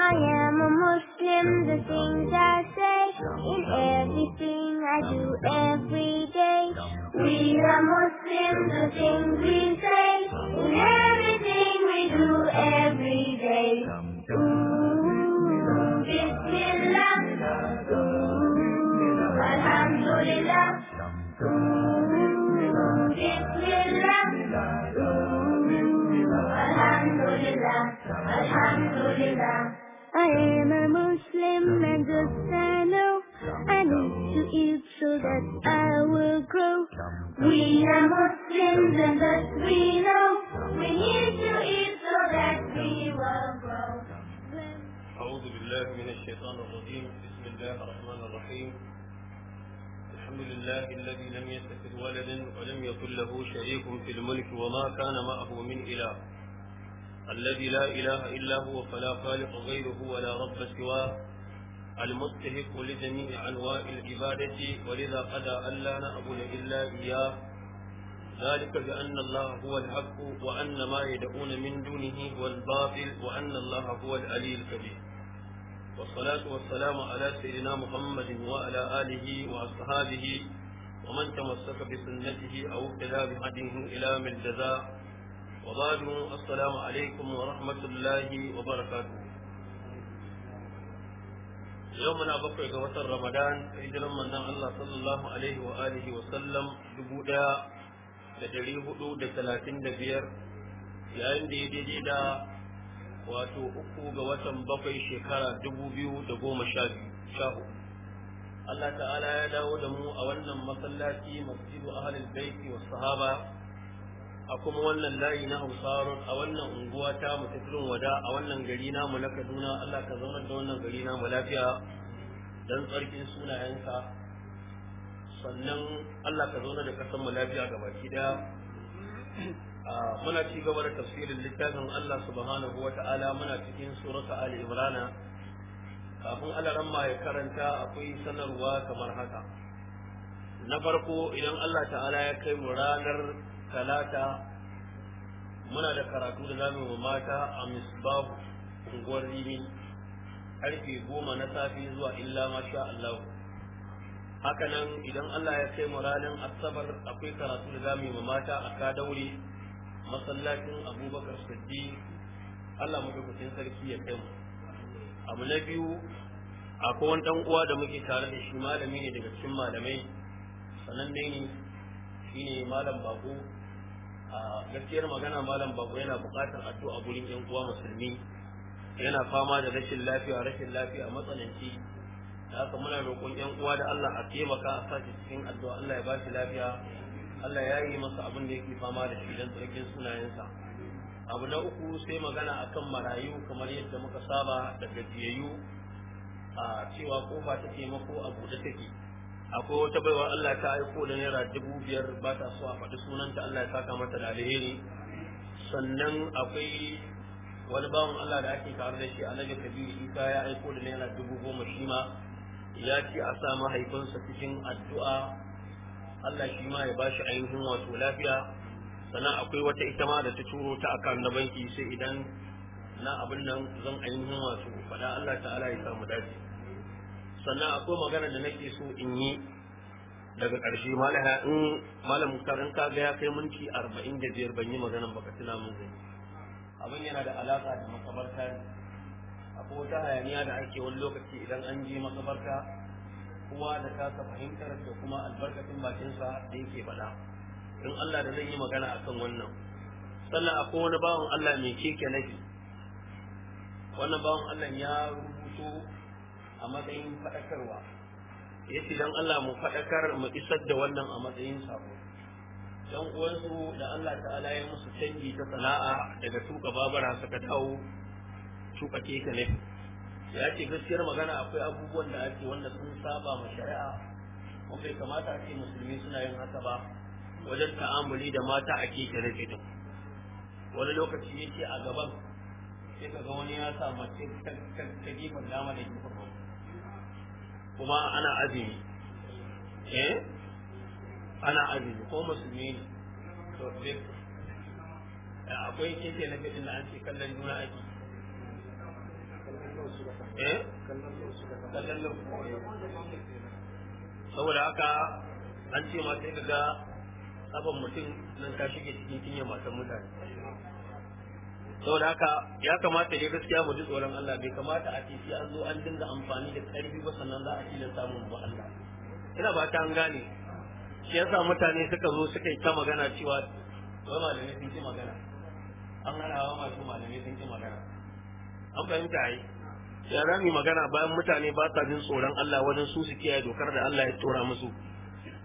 I am a Muslim, the things I say, in everything I do every day. We are Muslim, the things we say, in everything we do every day. Ooh. crew. We are Muslims and thus we know we need to eat so that we will grow. أعوذ بالله من الشيطان الرجيم بسم الله الرحمن الرحيم الحمد لله الذي لم يتخذ ولدا ولم يكن له شريك في الملك وما كان معه من إله الذي لا إله إلا هو فلا خالق غيره ولا رب سواه المستحق لجميع أنواع العبادة ولذا قضى ألا نعبد إلا إياه ذلك بأن الله هو الحق وأن ما يدعون من دونه هو الباطل وأن الله هو العلي الكبير والصلاة والسلام على سيدنا محمد وعلى آله وأصحابه ومن تمسك بسنته أو اقتدى بهديه إلى من جزاء وبعد السلام عليكم ورحمة الله وبركاته yau muna bakwai ga watan ramadan hijiran manzon Allah sallallahu alaihi wa wa sallam dubu daya da dari hudu da talatin da biyar yayin da ya daidai da wato uku ga watan bakwai shekara dubu biyu da goma sha biyu Allah ta'ala ya dawo da mu a wannan masallaci masjidu ahlul baiti wa sahaba a kuma wannan layi na hausarun a wannan unguwa ta mutumin wada a wannan gari namu na kaduna allah ka zaunar da wannan gari namu lafiya don tsarkin sunayensa sannan allah ka zauna da kasan mu lafiya ga baki daya muna ci gaba da tafsirin littafin allah subhanahu wa ta'ala muna cikin surata ali imrana kafin alaramma ya karanta akwai sanarwa kamar haka na farko idan allah ta'ala ya kai mu ranar talata muna da karatu da zamu wa mata a misbahu unguwar rimi karfe goma na safe zuwa illa masha Allah haka nan idan Allah ya kai mu ranar asabar akwai karatu da zamu wa mata a kadaure masallacin abubakar siddiq Allah madaukakin sarki ya kai mu abu na biyu akwai wani dan uwa da muke tare da shi malami ne daga cikin malamai sananne ne shine malam bako gaskiyar magana malam babu yana buƙatar addu'a gurin yan uwa musulmi yana fama da rashin lafiya rashin lafiya matsananci haka muna roƙon yan uwa da Allah a taimaka a sashi cikin addu'a Allah ya bashi lafiya Allah ya yi masa abin da yake fama da shi don tsarkin sunayensa abu na uku sai magana akan marayu kamar yadda muka saba da gajiyayyu a cewa kofa ta taimako a buɗe take akwai wata baiwa Allah ta aiko da naira dubu biyar ba ta so a faɗi sunanta Allah ya saka mata da alheri sannan akwai wani bawan Allah da ake tare da shi alhaji kabiru isa ya aiko da naira dubu goma shi ma ya ce a sa mahaifinsa cikin addu'a Allah shi ma ya ba shi ainihin wato lafiya sannan akwai wata ita ma da ta turo ta akan na banki sai idan na abin nan zan ainihin wato faɗa Allah ta'ala ya samu dace sannan akwai magana da nake so in yi daga ƙarshe malaha in malam karin in kaga ya kai minti arba'in da biyar ban yi ba baka tuna mun zai abin yana da alaƙa da makabarta akwai wata hayaniya da ake wani lokaci idan an je makabarta kuma da kasa fahimtar da kuma albarkacin bakinsa da yake faɗa in Allah da zan yi magana akan wannan sannan akwai wani bawan Allah mai keke nake wannan bawan Allah ya rubuto a matsayin faɗakarwa ya ce don Allah mu faɗakar mu isar da wannan a matsayin sako don uwansu da Allah ta'ala ya musu canji ta sana'a daga tuka babara suka dawo tuka keke ne ya ce gaskiyar magana akwai abubuwan da ake wanda sun saba ma shari'a kuma bai kamata a ce musulmi suna yin haka ba wajen ta'amuli da mata a keke na fitin wani lokaci ya ce a gaban sai ka ga wani ya sa mace ta gefen dama da gefen kuma ana azumi eh ana azumi ko musulmi ne akwai keke na fitin da an kallon juna aiki eh? saboda haka an ce ma sai ga abin mutum nan ta shige cikin kinyar matan mutane saboda haka ya kamata ne gaskiya mu ji tsoron Allah bai kamata a titi an zo an dinga amfani da karfi ba sannan za a da samun ba Allah ina ba ta an gane shi yasa mutane suka zo suka yi ta magana cewa wai malamai sun ki magana an hana masu malamai sun ki magana an fahimta yi ya za mu magana bayan mutane ba sa jin tsoron Allah wajen su su kiyaye dokar da Allah ya tura musu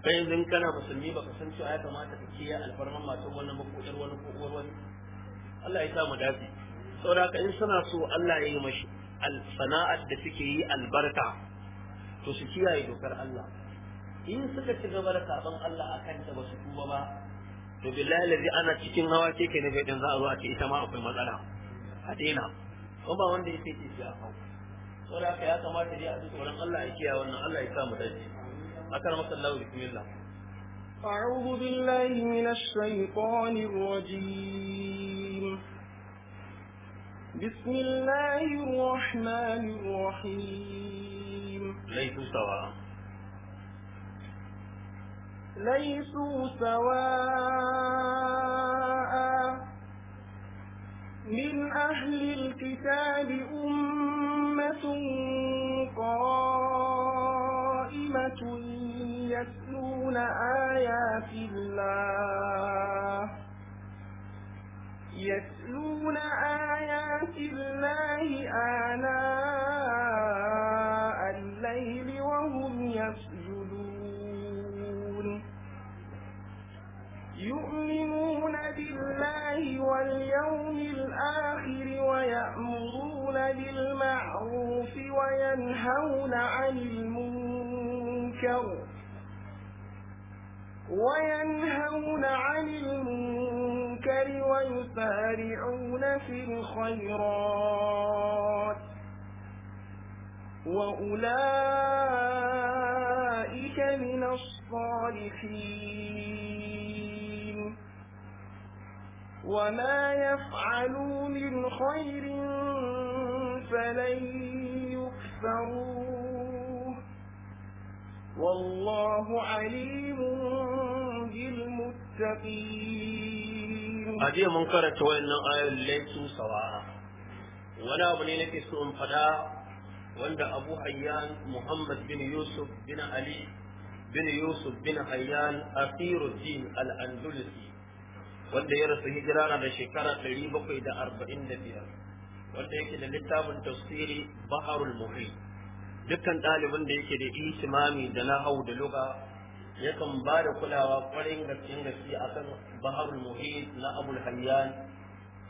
kai yanzu kana musulmi baka san cewa ya kamata ka kiyaye alfarman masu wannan makokar wani ko wani Allah ya sa mu dafi saboda in suna so Allah ya yi mashi sana'ar da suke yi albarka to su kiyaye dokar Allah in suka ci gaba da karban Allah kanta ba su kuma ba to billahi lazi ana cikin hawa ce kai na gaidan dan za a zo a ce ita ma akwai matsala a daina kuma ba wanda ya kai ya hau saboda haka ya kamata dai a ji tsoron Allah ya kiyaye wannan Allah ya sa mu dace أكرمك الله بسم الله أعوذ بالله من الشيطان الرجيم بسم الله الرحمن الرحيم ليسوا سواء ليسوا سواء من أهل الكتاب أمة قائمة يسلون آيات الله يتلون آيات الله آناء الليل وهم يسجدون يؤمنون بالله واليوم الآخر ويأمرون بالمعروف وينهون عن المنكر وينهون عن المنكر المنكر ويسارعون في الخيرات وأولئك من الصالحين وما يفعلوا من خير فلن يكفروا والله عليم بالمتقين a jiya mun karanta wayannan ayoyin laisu wani abu ne nake so in faɗa wanda abu hayyan muhammad bin yusuf bin ali bin yusuf bin hayyan asiruddin al-andalusi wanda ya rasu hijira na da shekara 745 wanda yake da littafin tafsiri baharul Muhim, dukkan ɗalibin da yake da itimami da hau da luga yakan ba da kulawa kwarin gaskiyar gaske akan baharul muhit na abul hayyan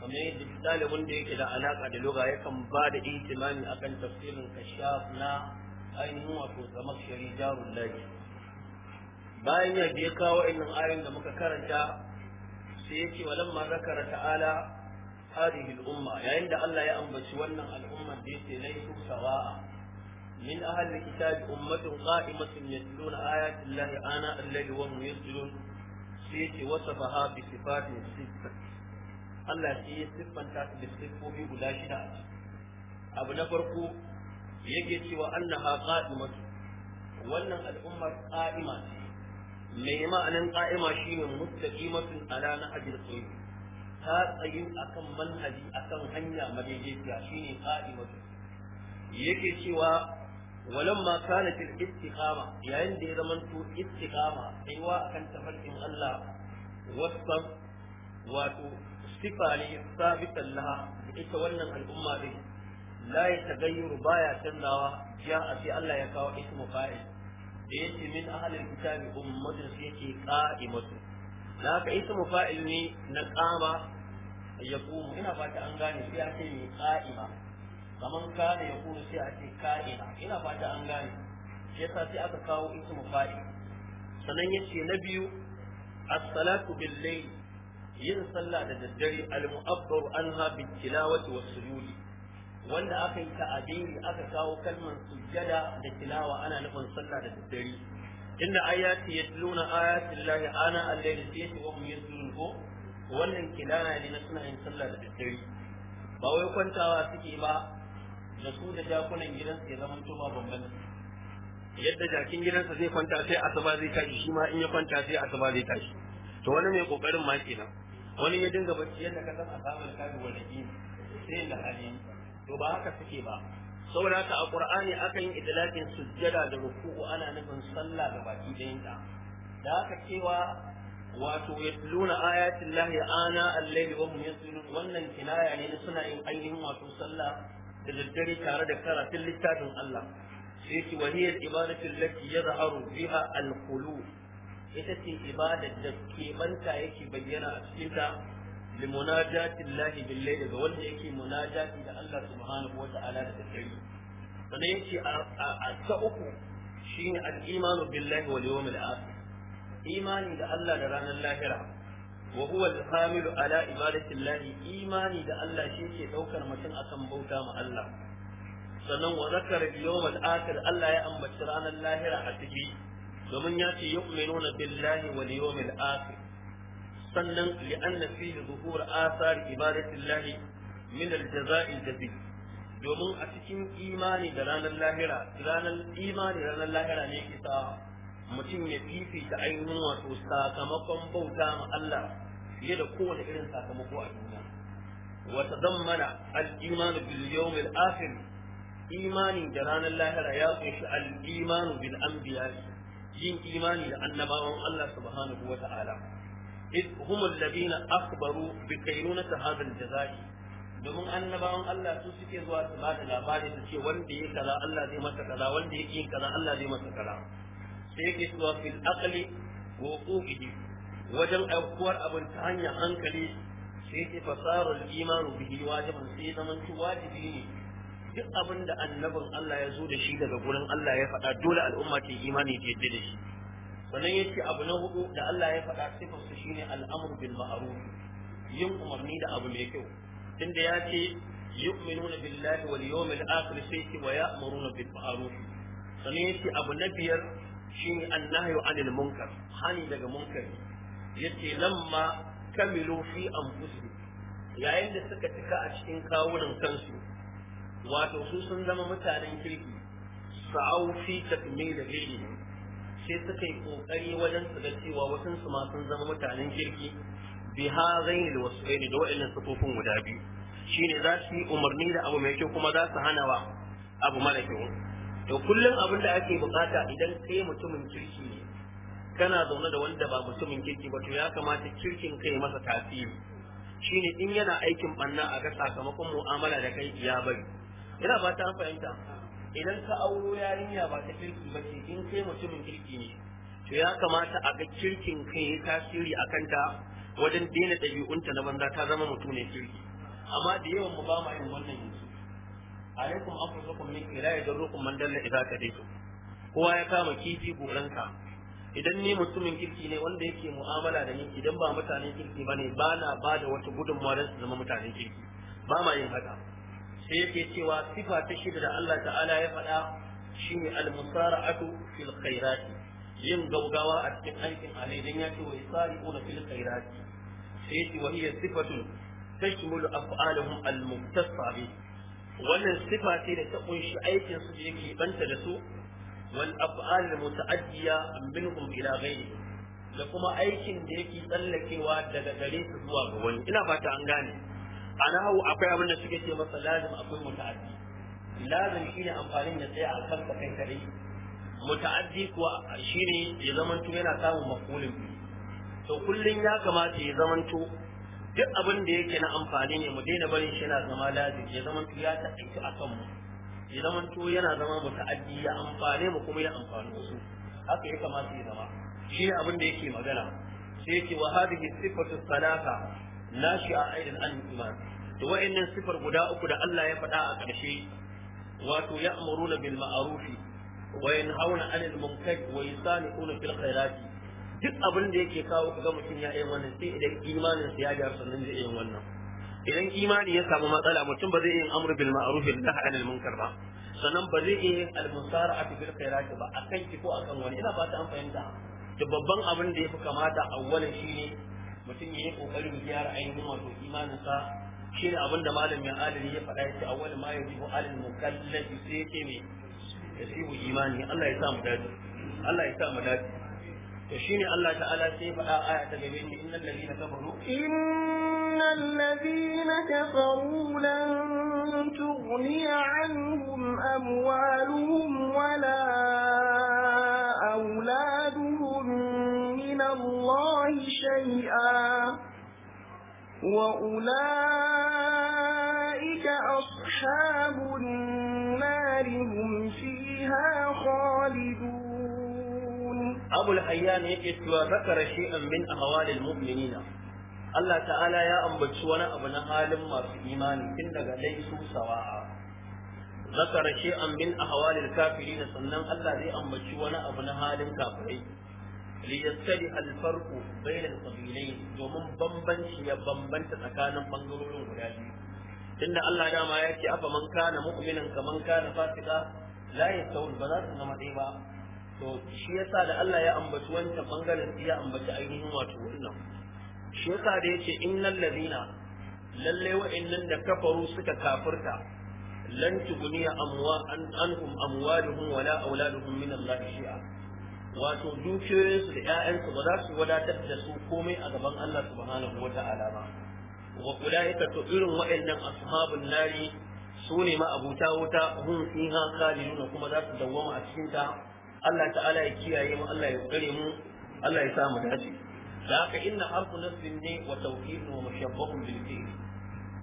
kamar yadda ɗalibin da yake da alaƙa da loga yakan ba da itimami akan tafsirin kashaf na ainihin wato zamar shari jarun laji bayan ya je kawo innan ayoyin da muka karanta sai yake walamma zakara ta'ala hadhihi al-umma yayin da Allah ya ambaci wannan al'ummar da yake laifu sawa'a من أهل الكتاب أمة قائمة يتلون آيات الله آناء الليل وهم يسجدون سيتي وصفها بصفات ستة Allah shi ya siffanta su da siffofi guda shida a ciki abu na farko yake cewa annaha qa'imatu wannan al'ummar qa'ima ce mai ma'anan qa'ima shine mustaqimatun ala nahjil qayyim ta tsayu akan manhaji akan hanya madaidaiciya shine yake cewa ولما كانت الاستقامة يعني دي زمنتو استقامة أيوة كان تفرق الله وصف واتو صفة ثابتا لها بإتولى الأمة به لا يتغير بايا تنوى جاء في الله يكاو اسم فاعل ليس من أهل الكتاب أمة فيك قائمة لك اسم فاعل نقامة يقوم هنا فاتأنغاني فيها كلمة قائمة kaman kana ya kuma sai a ce ka'ina ina fata an gane shi sai aka kawo ismu fa'il sannan ce na biyu as-salatu bil yin sallah da daddare al-mu'abbar anha bil tilawati was sujudi wanda aka yi ta adiri aka kawo kalmar sujjada da tilawa ana nufin sallah da daddare inda ayati yatluna ayatin lahi ana al-layl sai wa hum yatlun ko wannan kinaya ne na suna yin sallah da daddare ba wai kwantawa suke ba da su da jakunan gidansa ya zama ba bambanta yadda jakin gidansa zai kwanta sai asuba zai tashi shi ma in ya kwanta sai asuba zai tashi to wani mai kokarin ma kenan wani ya dinga bacci yadda ka san asabar kafi wani gini, sai da hali to ba haka suke ba saboda haka a qur'ani akan yi idlaqin sujjada da ruku'u ana nufin sallah da baki da ta da haka cewa wato luna ayatin lahi ana allai layli wa hum wannan kinaya ne suna yin ainihin wato sallah da daddare tare da karatun littafin Allah sai ce wa hiya ibadatu allati yadhharu biha al-qulub ita ce ibadar da kimanta yake bayyana a cikin ta limunajati Allah billahi daga wanda yake munajati da Allah subhanahu wa ta'ala da daddare sannan yake a uku shine imani da Allah da ranar lahira wa huwa al-hamilu ala ibadatillahi imani da Allah shi ke ɗaukar mutum akan bauta ma Allah sannan wa zakara yawm al-akhir Allah ya ambaci ranar lahira a ciki domin ya ce yu'minuna billahi wal yawmil akhir sannan li'anna domin a cikin imani da ranar lahira ranar imani ranar lahira ne kisa mutum ya fifita ainihin wato sakamakon bauta ma Allah fiye da kowane irin sakamako a duniya wa tadammana al-iman bil yawm al-akhir imani da ranar lahira ya kunshi al-iman bil anbiya yin imani da annabawan Allah subhanahu wa ta'ala id hum alladhina akbaru bi na hadha al domin annabawan Allah su suke zuwa su ba da labari su ce wanda ya kaza Allah zai masa kaza wanda ya yi kaza Allah zai masa kaza sai yake cewa fil aqli wa uqihi wajen aukuwar abin ta hanyar hankali sai ke fasarar imanu bihi wajibin sai zaman ci wajibi ne duk abin da annabin Allah ya zo da shi daga gurin Allah ya faɗa dole al'umma ta imani da yadda da shi sannan ya ce abu na hudu da Allah ya faɗa sifar su shine al'amur bil ma'ruf yin umarni da abu mai kyau tunda ya ce yu'minuna billahi wal yawmil akhir sai ce wa ya'muruna bil ma'ruf sannan ya ce abu na biyar shine annahyu anil munkar hani daga munkari yace lamma kamilu fi anfusihim yayin da suka cika a cikin kawunan kansu wato su sun zama mutanen kirki sa'au fi takmil ilmi sai suka yi kokari wajen su ga cewa wasu su ma sun zama mutanen kirki bi hazaini da wasu ne da wa'annan sufofin guda biyu shine za su yi umarni da abu mai kyau kuma za su hana wa abu mara kyau to kullum abin da ake bukata idan kai mutumin kirki ne kana zaune da wanda ba mutumin kirki ba to ya kamata kirkin kai masa tasiri shine in yana aikin banna a ga sakamakon mu'amala da kai ya bari ina ba ta fahimta idan ka auro yarinya ba ta kirki ba ce in kai mutumin kirki ne to ya kamata a ga kirkin kai ya tasiri a kanta wajen daina ɗabi'unta na banza ta zama mutum ne kirki amma da yawan mu ba ma yin wannan yanzu alaikum afuwakum min rukun yadurrukum man ka idza kadaytum kowa ya kama kifi goranka idan ni mutumin kirki ne wanda yake mu'amala da ni idan ba mutanen kirki ba ne ba na ba da wata gudunmawa don su zama mutanen kirki ba ma yin haka sai yake cewa sifa ta shida da Allah ta'ala ya faɗa shine al-musara'atu fil khairati yin gaugawa a cikin aikin alai dan ya ce wa yusari'una fil khairati sai yake wa hiya sifatun tashmulu af'aluhum al-muktasa wannan sifa ce da ta kunshi aikin su da yake banta da su wal af'al mutaaddiya minhum ila ghairi da kuma aikin da yake tsallakewa daga gare su zuwa ga wani ina fata an gane a nahawu akwai abin da suke ce masa lazim akwai muta'addi lazim shine amfanin da tsaya a kansa kai kadai muta'addi kuwa shine ya zamanto yana samun makulin to kullun ya kamata ya zamanto duk abin da yake na amfani ne mu daina barin shi yana zama lazim ya zama ya aiki a kanmu ya zaman to yana zama muta'addi ya amfane mu kuma ya amfani wasu haka ya kamata ya zama shi ne abin da yake magana sai yake wa hadhihi sifatu salata nashi a aidin an iman to wa'annan sifar guda uku da Allah ya faɗa a ƙarshe wato ya'muruna bil ma'rufi wa yanhauna 'anil munkar wa yusani'una fil khairati duk abin da yake kawo ga mutum ya yi wannan sai idan imanin sa ya jar sannan zai yi wannan idan imani ya samu matsala mutum ba zai yi amru bil ma'ruf wa nahy anil munkar ba sannan ba zai yi al musara'a bil khairat ba akan ki ko akan wani ina fata an fahimta to babban abin da yafi kamata awwalan shine mutum ya yi kokarin gyara ainihin wato imanin sa shine abin da malam ya adali ya faɗa yace awwal ma yajibu alal mukallafi sai yake ne yasibu imani Allah ya sa mu dace Allah ya sa mu dace فشيني الله تعالى سيف آية تجريني إن الذين كفروا إن الذين كفروا لن تغني عنهم أموالهم ولا أولادهم من الله شيئا وأولئك أصحاب النار هم فيها خالدون abul hayyan yake cewa zakara shay'an min ahwalil mu'minina Allah ta'ala ya ambaci wani abu na halin masu imani tun daga laisu sawa'a zakara shay'an min ahwalil kafirin sannan Allah zai ambaci wani abu na halin kafirai liyattali alfarqu bainal qabilain domin bambanci ya bambanta tsakanin bangarorin guda biyu tunda Allah dama ya ce afa man kana mu'minan kaman kana fasika la yastawul ba za su zama ɗaya ba to shi yasa da Allah ya ambaci wancan bangaren ya ambaci ainihin wato wannan shi yasa da yace innal ladina lalle wa'annan da kafaru suka kafirta lan tuguniya amwa an anhum amwaluhum wala auladuhum min Allah shi'a wato dukiyoyinsu da ƴaƴansu ba za su wadatar da su komai a gaban Allah subhanahu wata'ala ba wa ulaika to irin wa'annan ashabun nari su ne ma abuta wuta hum fiha khalidun kuma za su dawwama a cikin ta Allah ta'ala ya kiyaye mu Allah ya tsare mu Allah ya samu dace da haka inna harfu nasbin ne wa tawkid wa mushabbahun bil fi'l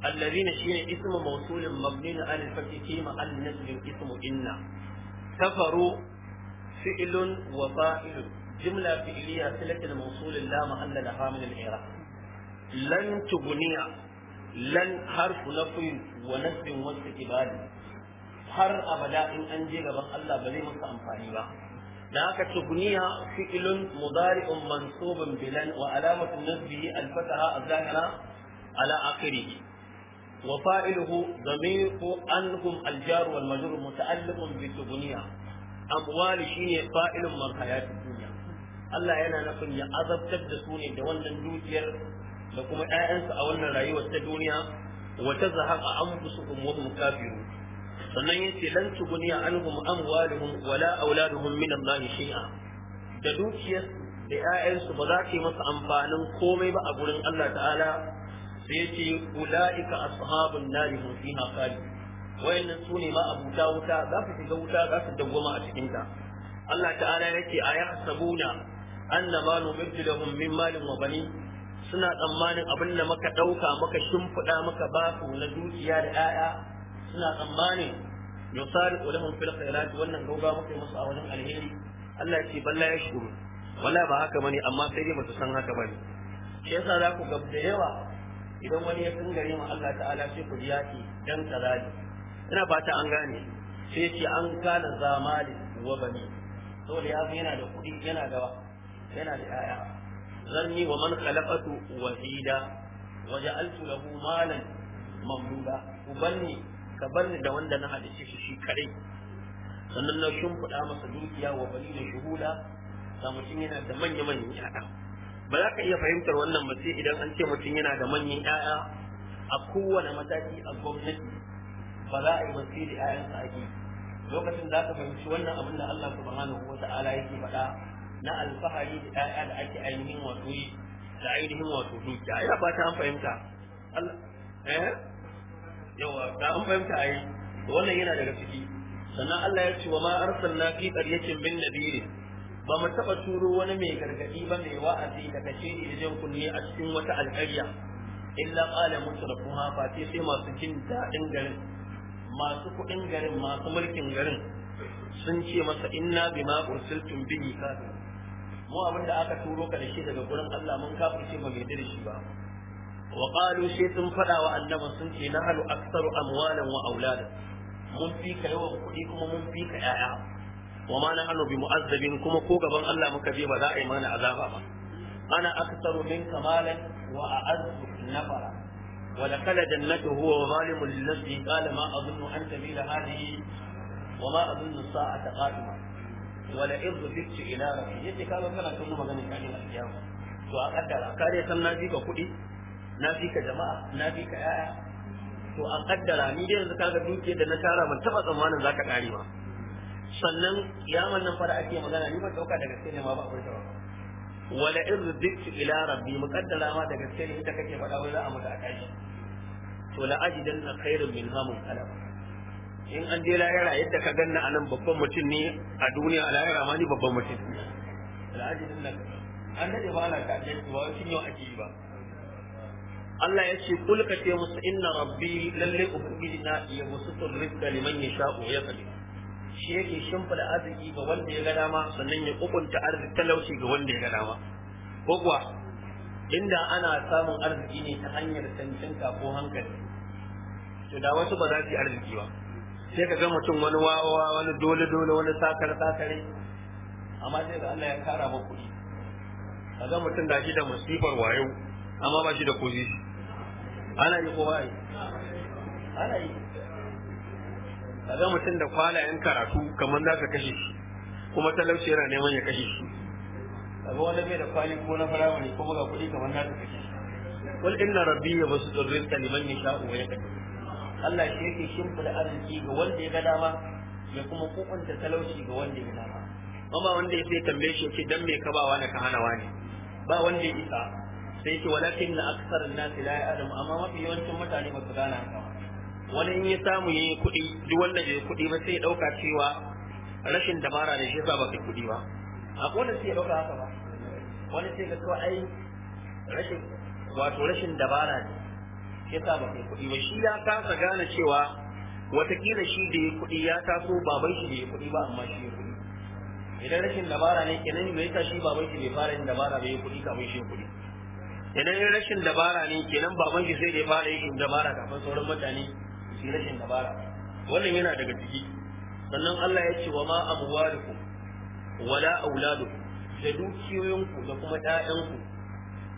الذين شيء اسم موصول مبني على الفتح في محل نسب اسم إن كفروا فعل وفاعل جملة فعلية سلة الموصول لا محل لها lan الإعراب لن تبني لن wa نفي ونسب واستقبال har abada in an je gaban Allah ba zai masa amfani ba ذاك تبنيها فعل مضارع منصوب بلن وعلامة نصبه الفتحة الظاهرة على آخره وفاعله ضمير أنهم الجار والمجرور متعلق بتبنيها أموال شيء فاعل من حياة الدنيا الله ينا نفن يا أذب تبدسوني دولنا نوتير لكم آئنس أولنا رأيوة الدنيا وتزهق أنفسكم وهم كافرون sannan yace lan tuguni anhum amwaluhum wala auladuhum min Allah shay'a da dukiyar da ƴaƴansu ba za ta yi masa amfanin komai ba a gurin Allah ta'ala sai yace ulaika ashabun nari hum fiha khalid wayannan sune ma abuta wuta za su shiga wuta za su dawwama a cikin ta Allah ta'ala yake ayahsabuna annama nubiddu lahum min malin wa banin suna tsammanin abin da maka ɗauka maka shimfiɗa maka ba su na dukiya da 'ya'ya suna tsammanin yusari ulahum fil khairat wannan gauga muke musu a wajen alheri Allah ya ce balla ya shukuru wala ba haka bane amma sai dai basu san haka bane shi yasa za ku gabda yawa idan wani ya gari ma Allah ta'ala sai ku ki, dan kalali ina fata an gane sai ce an kana zamali wa bani saboda ya yana da kuɗi yana da yana da yaya yi wa man khalaqatu wahida waja'altu lahu malan mamduda ubanni ka bar ni da wanda na halicce shi shi kare sannan na shimfiɗa masa dukiya wa bani da shuhuda da mutum yana da manya manyan ƴaƴa ba za ka iya fahimtar wannan ba sai idan an ce mutum yana da manyan ƴaƴa a kowane mataki a gwamnati ba za a yi masu da ƴaƴansa ake lokacin za ka fahimci wannan abin da Allah subhanahu wa ta'ala yake faɗa na alfahari da ƴaƴa da ake ainihin wato yi da ainihin wato dukiya ya ba an fahimta Allah eh yawa da an fahimta a yi wannan yana daga ciki sannan Allah ya ce wa ma arsalna fi qaryatin min nadirin ba mu taba turo wani mai gargadi ba mai wa'azi da kashe da jin kunne a cikin wata alƙarya illa qala mutrafuha fa sai sai masu jin daɗin garin masu kuɗin garin masu mulkin garin sun ce masa inna bima ursiltum bihi kafir mu abinda aka turo ka da shi daga gurin Allah mun kafirce ba mai da shi ba wa qalu sai sun faɗa wa annabi sun ce na halu aksaru amwalan wa auladan mun fi ka yawan kuɗi kuma mun fi ka ƴaƴa wa ma na halu bi mu'azzabin kuma ko gaban Allah muka je ba za a yi mana azaba ba ana aksaru min kamalan wa a'azzu nafara wa laqala jannatu huwa wa zalimun li nafsihi qala ma azunnu an tabila hadhihi wa ma azunnu sa'ata qa'ima wa la idh bitu ila rabbi yace kaga kana kuma maganin kani a kiyama to a kaddara kare san na ji ka kuɗi na fi ka jama'a na fi ka yaya to an kaddara ni dai yanzu kaga dukiyar da na tara ban taba tsammanin zaka kare ba sannan kiyaman nan fara ake magana ni ban dauka daga sai ne ma ba akwai ta wala irditu ila rabbi muqaddara ma daga sai ne ita kake faɗa wai za a mutu a kashi to la ajidan khairan min hamun alam in an je lahira yadda ka ganna a nan babban mutum ne a duniya a lahira ma ni babban mutum la ajidanna an dade ba ana kaje ba shin yau ake yi ba Allah ya ce kul ka ce musu inna rabbi lalle ubangiji na ya musutu rizqa liman yasha ya kadi shi yake shimfida arziki ga wanda ya ga dama sannan ya kukunta arziki talauci ga wanda ya ga dama ko kuwa inda ana samun arziki ne ta hanyar cancanta ko hankali to da wasu ba za su yi arziki ba sai ka ga mutum wani wawa wani dole dole wani sakar sakare amma sai ga Allah ya kara maka kuɗi ka ga mutum da shi da musifar wayo amma ba shi da kuzi ana yi ko bai ana yi ga mutum da kwalayen karatu kamar za ka kashe shi kuma talauci yana neman ya kashe shi ga wanda bai da kwali ko na firamare ko buga kuɗi kamar za ka kashe shi wal inna rabbi ya basu tsirrin liman ya sha'u ya ya Allah shi yake shimfida arziki ga wanda ya ga dama ya kuma kukunta talauci ga wanda ya ga dama amma wanda ya sai tambaye shi ce dan me ka ba wani ka hana wani ba wanda ya isa sai ce walakin na aksar nasi la ya'lam amma mafi yawancin mutane ba su gane haka wani in ya samu ya yi kuɗi duk wanda bai kuɗi ba sai ya ɗauka cewa rashin dabara da shi yasa ba kai kuɗi ba akwai wanda sai ya ɗauka haka ba wani sai ga kawai ai rashin wato rashin dabara ne shi sa ba kai kuɗi ba shi ya kasa gane cewa watakila shi da ya kuɗi ya taso baban shi da ya kuɗi ba amma shi ya kuɗi idan rashin dabara ne kenan me yasa shi baban shi bai fara yin dabara bai kuɗi kafin shi kuɗi idan yin rashin dabara ne kenan baban shi sai da ya fara yin dabara kafin sauran mutane su rashin dabara wannan yana daga ciki sannan Allah ya ce wa ma amwalukum wala auladukum da dukiyoyinku da kuma ƴaƴanku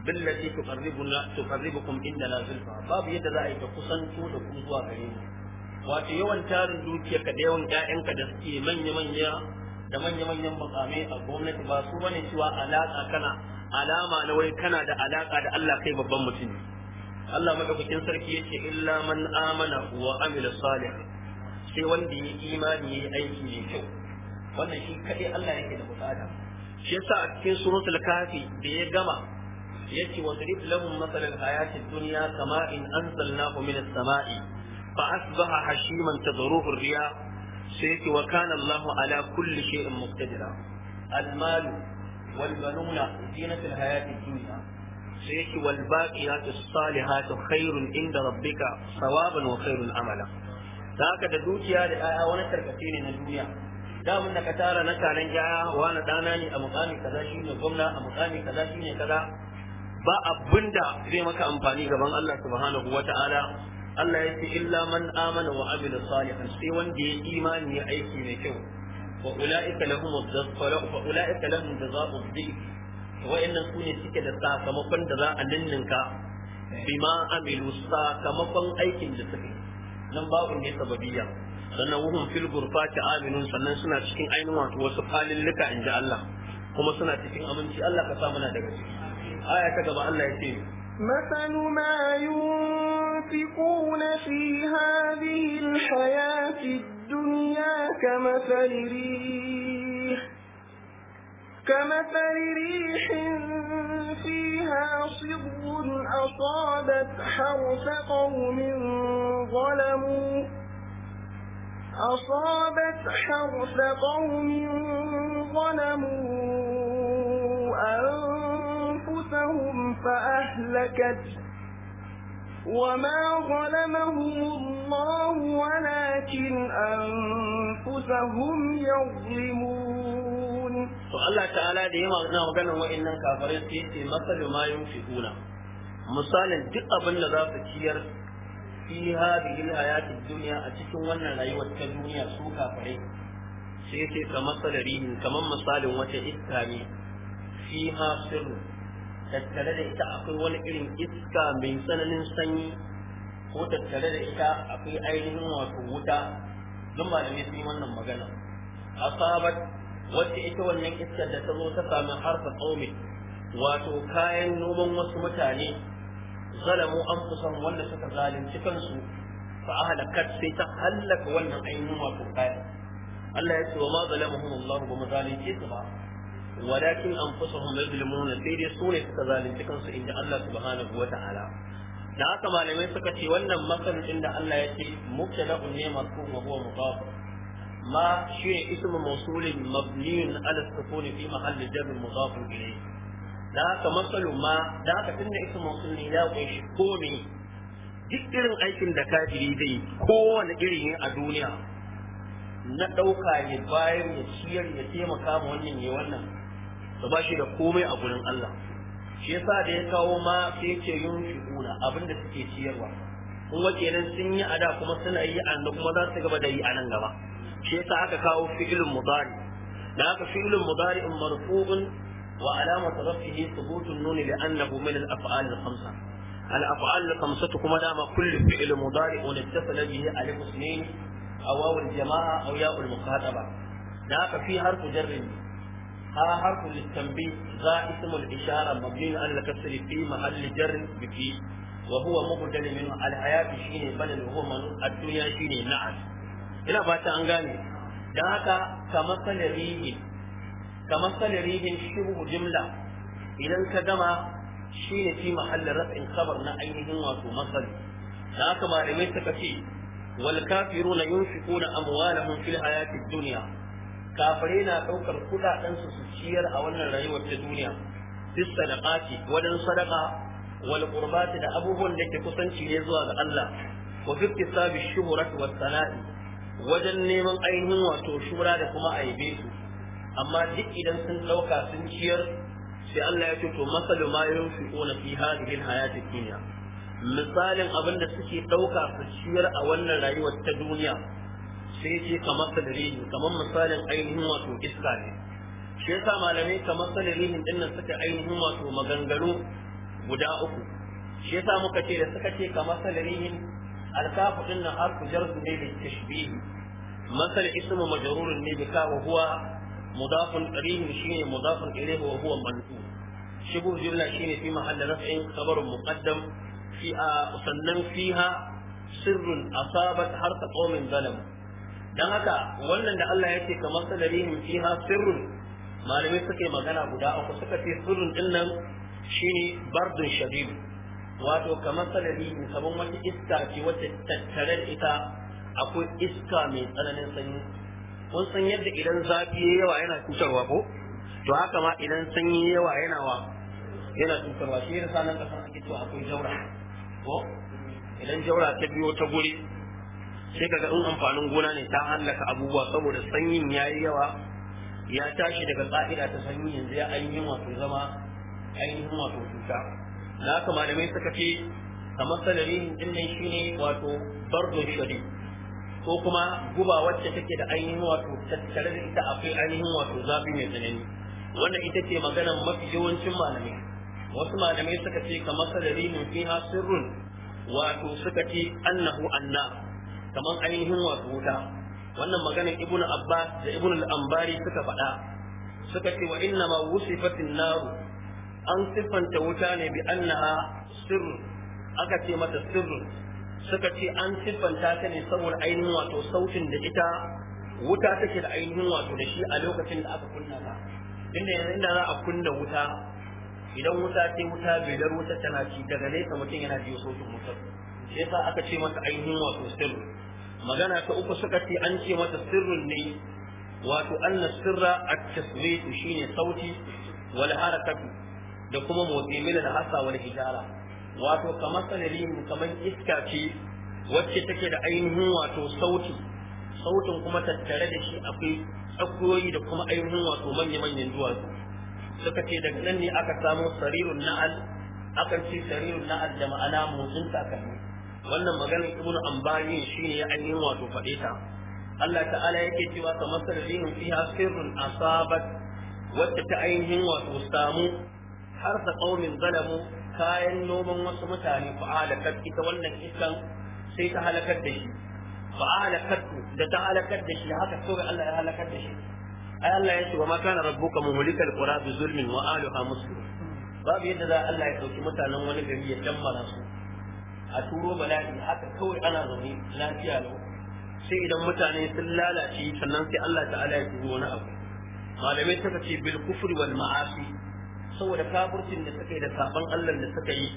billati tuqarribuna tuqarribukum inda la zulfa babu yadda za a yi ta kusanto da ku zuwa gare ni. wato yawan tarin ka da yawan ƴaƴanka da suke manya-manya da manya-manyan makamai a gwamnati ba su bane cewa alaƙa kana alama na wai kana da alaka da Allah kai babban mutum Allah madaukakin sarki yace illa man amana wa amila salih sai wanda ya imani ya aiki mai kyau wannan shi kadai Allah yake da bukata shi yasa a cikin suratul kafi da ya gama yace wa darib lahum masalan hayatid dunya kama in anzalnahu minas sama'i fa asbaha hashiman tadruhu ar-riyah sai yake wa kana Allahu ala kulli shay'in muqtadira al-malu والبنون زينة الحياة الدنيا سيأتي والباقيات الصالحات خير عند ربك ثوابا وخير عملا ذاك دوتي هذا آية ونتر كثير من الدنيا دام انك ترى نتعلن جاء وانا داناني امقامي كذا شيني قمنا امقامي كذا شيني كذا ba abin da zai maka amfani gaban Allah subhanahu wa ta'ala Allah ya ce illa man amana wa amila salihan sai wanda ya imani ya aiki mai kyau وأولئك لهم فأولئك لهم جزاء الضيق وإن سوني سكة ساكمكن جزاء نننك بما عملوا ساكمكن أيكن جسكي nan babu ne sababiyya sannan wuhun fil gurfati aminun sannan suna cikin ainihin wato wasu in ji Allah kuma suna cikin aminci Allah ka sa muna daga ciki aya ta gaba Allah ya ce مثل ما ينفقون في هذه الحياة الدنيا كمثل ريح كمثل ريح فيها صب أصابت حرث قوم ظلموا أصابت حرث قوم ظلموا أن قبلهم فأهلكت وما ظلمهم الله ولكن أنفسهم يظلمون فالله تعالى ديما أغنى وقنا وإنن كافرين سيسي مثل ما ينفقون مثال دقة بل ذات كير في هذه الحياة الدنيا أتكون وانا لا يوتك الدنيا سوكا فريق سيسي كمثل ريم كمن مثال وتئتاني فيها سر tattare da ita akwai wani irin iska mai tsananin sanyi ko tattare da ita akwai ainihin wato wuta don malamai sun yi wannan magana asabat wacce ita wannan iskar da ta zo ta sami harfa tsomi wato kayan noman wasu mutane zalamu an kusan wanda suka zalunci kansu fa ahalakat sai ta hallaka wannan ainihin wato kayan Allah ya ce wa ma zalamahum Allah ba mu zalunce su ba walakin anfusuhum yadlumun sai dai sune suka zalunci kansu inda Allah subhanahu wata'ala da haka malamai suka ce wannan makan inda Allah ya ce mubtada'un ne marfu wa huwa mudaf ma shi ismu mawsulin mabniyun ala sukuni fi mahalli jar mudaf ilayhi da haka masalu ma da haka tunda ismu mawsul ne ya kunshi komai duk irin aikin da kafiri zai kowane iri ne a duniya na ɗauka ya bayar ya ciyar ya taimaka ma wannan ya wannan da ba shi da komai a gurin Allah shi yasa da ya kawo ma sai ce yun abinda suke ciyarwa kuma kenan sun yi ada kuma suna yi a nan kuma za su gaba da yi a nan gaba shi yasa aka kawo fi'ilun mudari da aka fi'ilun mudari in marfu'un wa alamatu rafihi thubutun nun li'annahu min al-af'al al-khamsa al-af'al al-khamsa kuma dama kullu fi'il mudari'un ittasala bihi alif ismin أو واو الجماعة أو ياء المخاطبة ذاك في حرف جر ها حرف للتنبيه ذا اسم الإشارة مبني على الكسر في محل جر بفي وهو مبدل منه الحياة شيني بل هو من الدنيا شيني نعم إلى بات أنغاني ذاك كمثل ريح كمثل ريح شبه جملة إذا انكدم شيني في محل رفع خبر نعينه ومثل ذاك ما لم يتكفي والكافرون ينفقون أموالهم في الحياة الدنيا kafirai na ɗaukar kuɗaɗensu su ciyar a wannan rayuwar ta duniya bis sadaqati wadan sadaqa wal qurbati da abubuwan da ke kusanci ne zuwa ga Allah wa fi tisabi shuhrat wa sana'i wajen neman ainihin wato shura da kuma aibe su amma duk idan sun ɗauka sun ciyar sai Allah ya ce to masalu ma yunfiquna fi hadhihi al dunya misalin abin da suke ɗauka su ciyar a wannan rayuwar ta duniya sai ce kamar sadarihi kamar misalin ainihin wato iska ne shi yasa malamai kamar sadarihin din nan suka ainihin wato maganganu guda uku shi yasa muka ce da suka ce kamar sadarihin alkafu din nan har ku jarzu ne da tashbihi masal ismu majrurun ne bi kawo huwa mudafun qarihun shine mudafun ilayhi wa huwa manfu shibu jumla shine fi mahall raf'in khabarun muqaddam fi sannan fiha sirrun asabat harta qaumin zalamu dan haka wannan da Allah yake kamar sadarihim ha sirrun malamai suke magana guda uku suka ce sirrun din nan shine bardun shadid wato kamar in sabon wata iska ce wacce tattare da ita akwai iska mai tsananin sanyi kun san yadda idan zafi ya yawa yana cutarwa ko to haka ma idan sanyi yawa yana wa yana cutarwa shi yasa nan kasan ake to akwai jaura ko idan jaura ta biyo ta guri sai kaga in amfanin gona ne ta hallaka abubuwa saboda sanyin ya yi yawa ya tashi daga tsa'ida ta sanyi yanzu ya ainihin wato zama ainihin wato cuta na haka malamai suka ce a matsalolin din nan ne wato bardun shari ko kuma guba wacce take da ainihin wato tattare da ita akwai ainihin wato zafi mai tsanani wannan ita ce maganar mafi yawancin malamai wasu malamai suka ce kamar sadari min fiha sirrun wato suka ce annahu anna kamar ainihin wasu wuta wannan maganar ibn abbas da ibn al-ambari suka faɗa suka ce wa inna ma wusifatin naru an siffanta wuta ne bi annaha sirr aka ce mata sirr suka ce an siffanta ta ne saboda ainihin wato sautin da ita wuta take da ainihin wato da shi a lokacin da aka kunna ta inda yanzu inda za a kunna wuta idan wuta ce wuta bidar wuta tana ci daga nesa mutum yana jiyo sautin wutar shi yasa aka ce mata ainihin wato sirr magana ta uku suka ce an ce mata sirrin ne wato anna sirra at-tasbitu shine sauti wal harakatu da kuma motsi Mila da hasa wal hijara wato kamar sanadin kamar iska ce wacce take da ainihin wato sauti sautin kuma tattare da shi akwai tsakuyoyi da kuma ainihin wato manya-manyan duwatsu suka ce daga nan ne aka samu sarirun na'al akan ce sarirun na'al da ma'ana motsin takalmi wannan maganar ibnu ambani shine ya ainihin wato faɗe ta Allah ta'ala yake cewa kamar sarrinin fiha sirrun asabat wacce ta ainihin wato samu har da qaumin zalamu kayan noman wasu mutane fa'alakat ita wannan iskan sai ta halakar da shi fa'alakat da ta halakar da shi haka kawai Allah ya halakar da shi ai Allah ya ce wa ma kana rabbuka muhlikal qura bi zulmin wa ahliha muslimun babu yadda za Allah ya dauki mutanen wani gari ya dammara su a turo bala'i haka kawai ana zaune lafiya lau sai idan mutane sun lalace sannan sai Allah ta'ala ya turo wani abu malamai suka ce bil kufr wal ma'asi saboda kafircin da suka yi da saban Allah da suka yi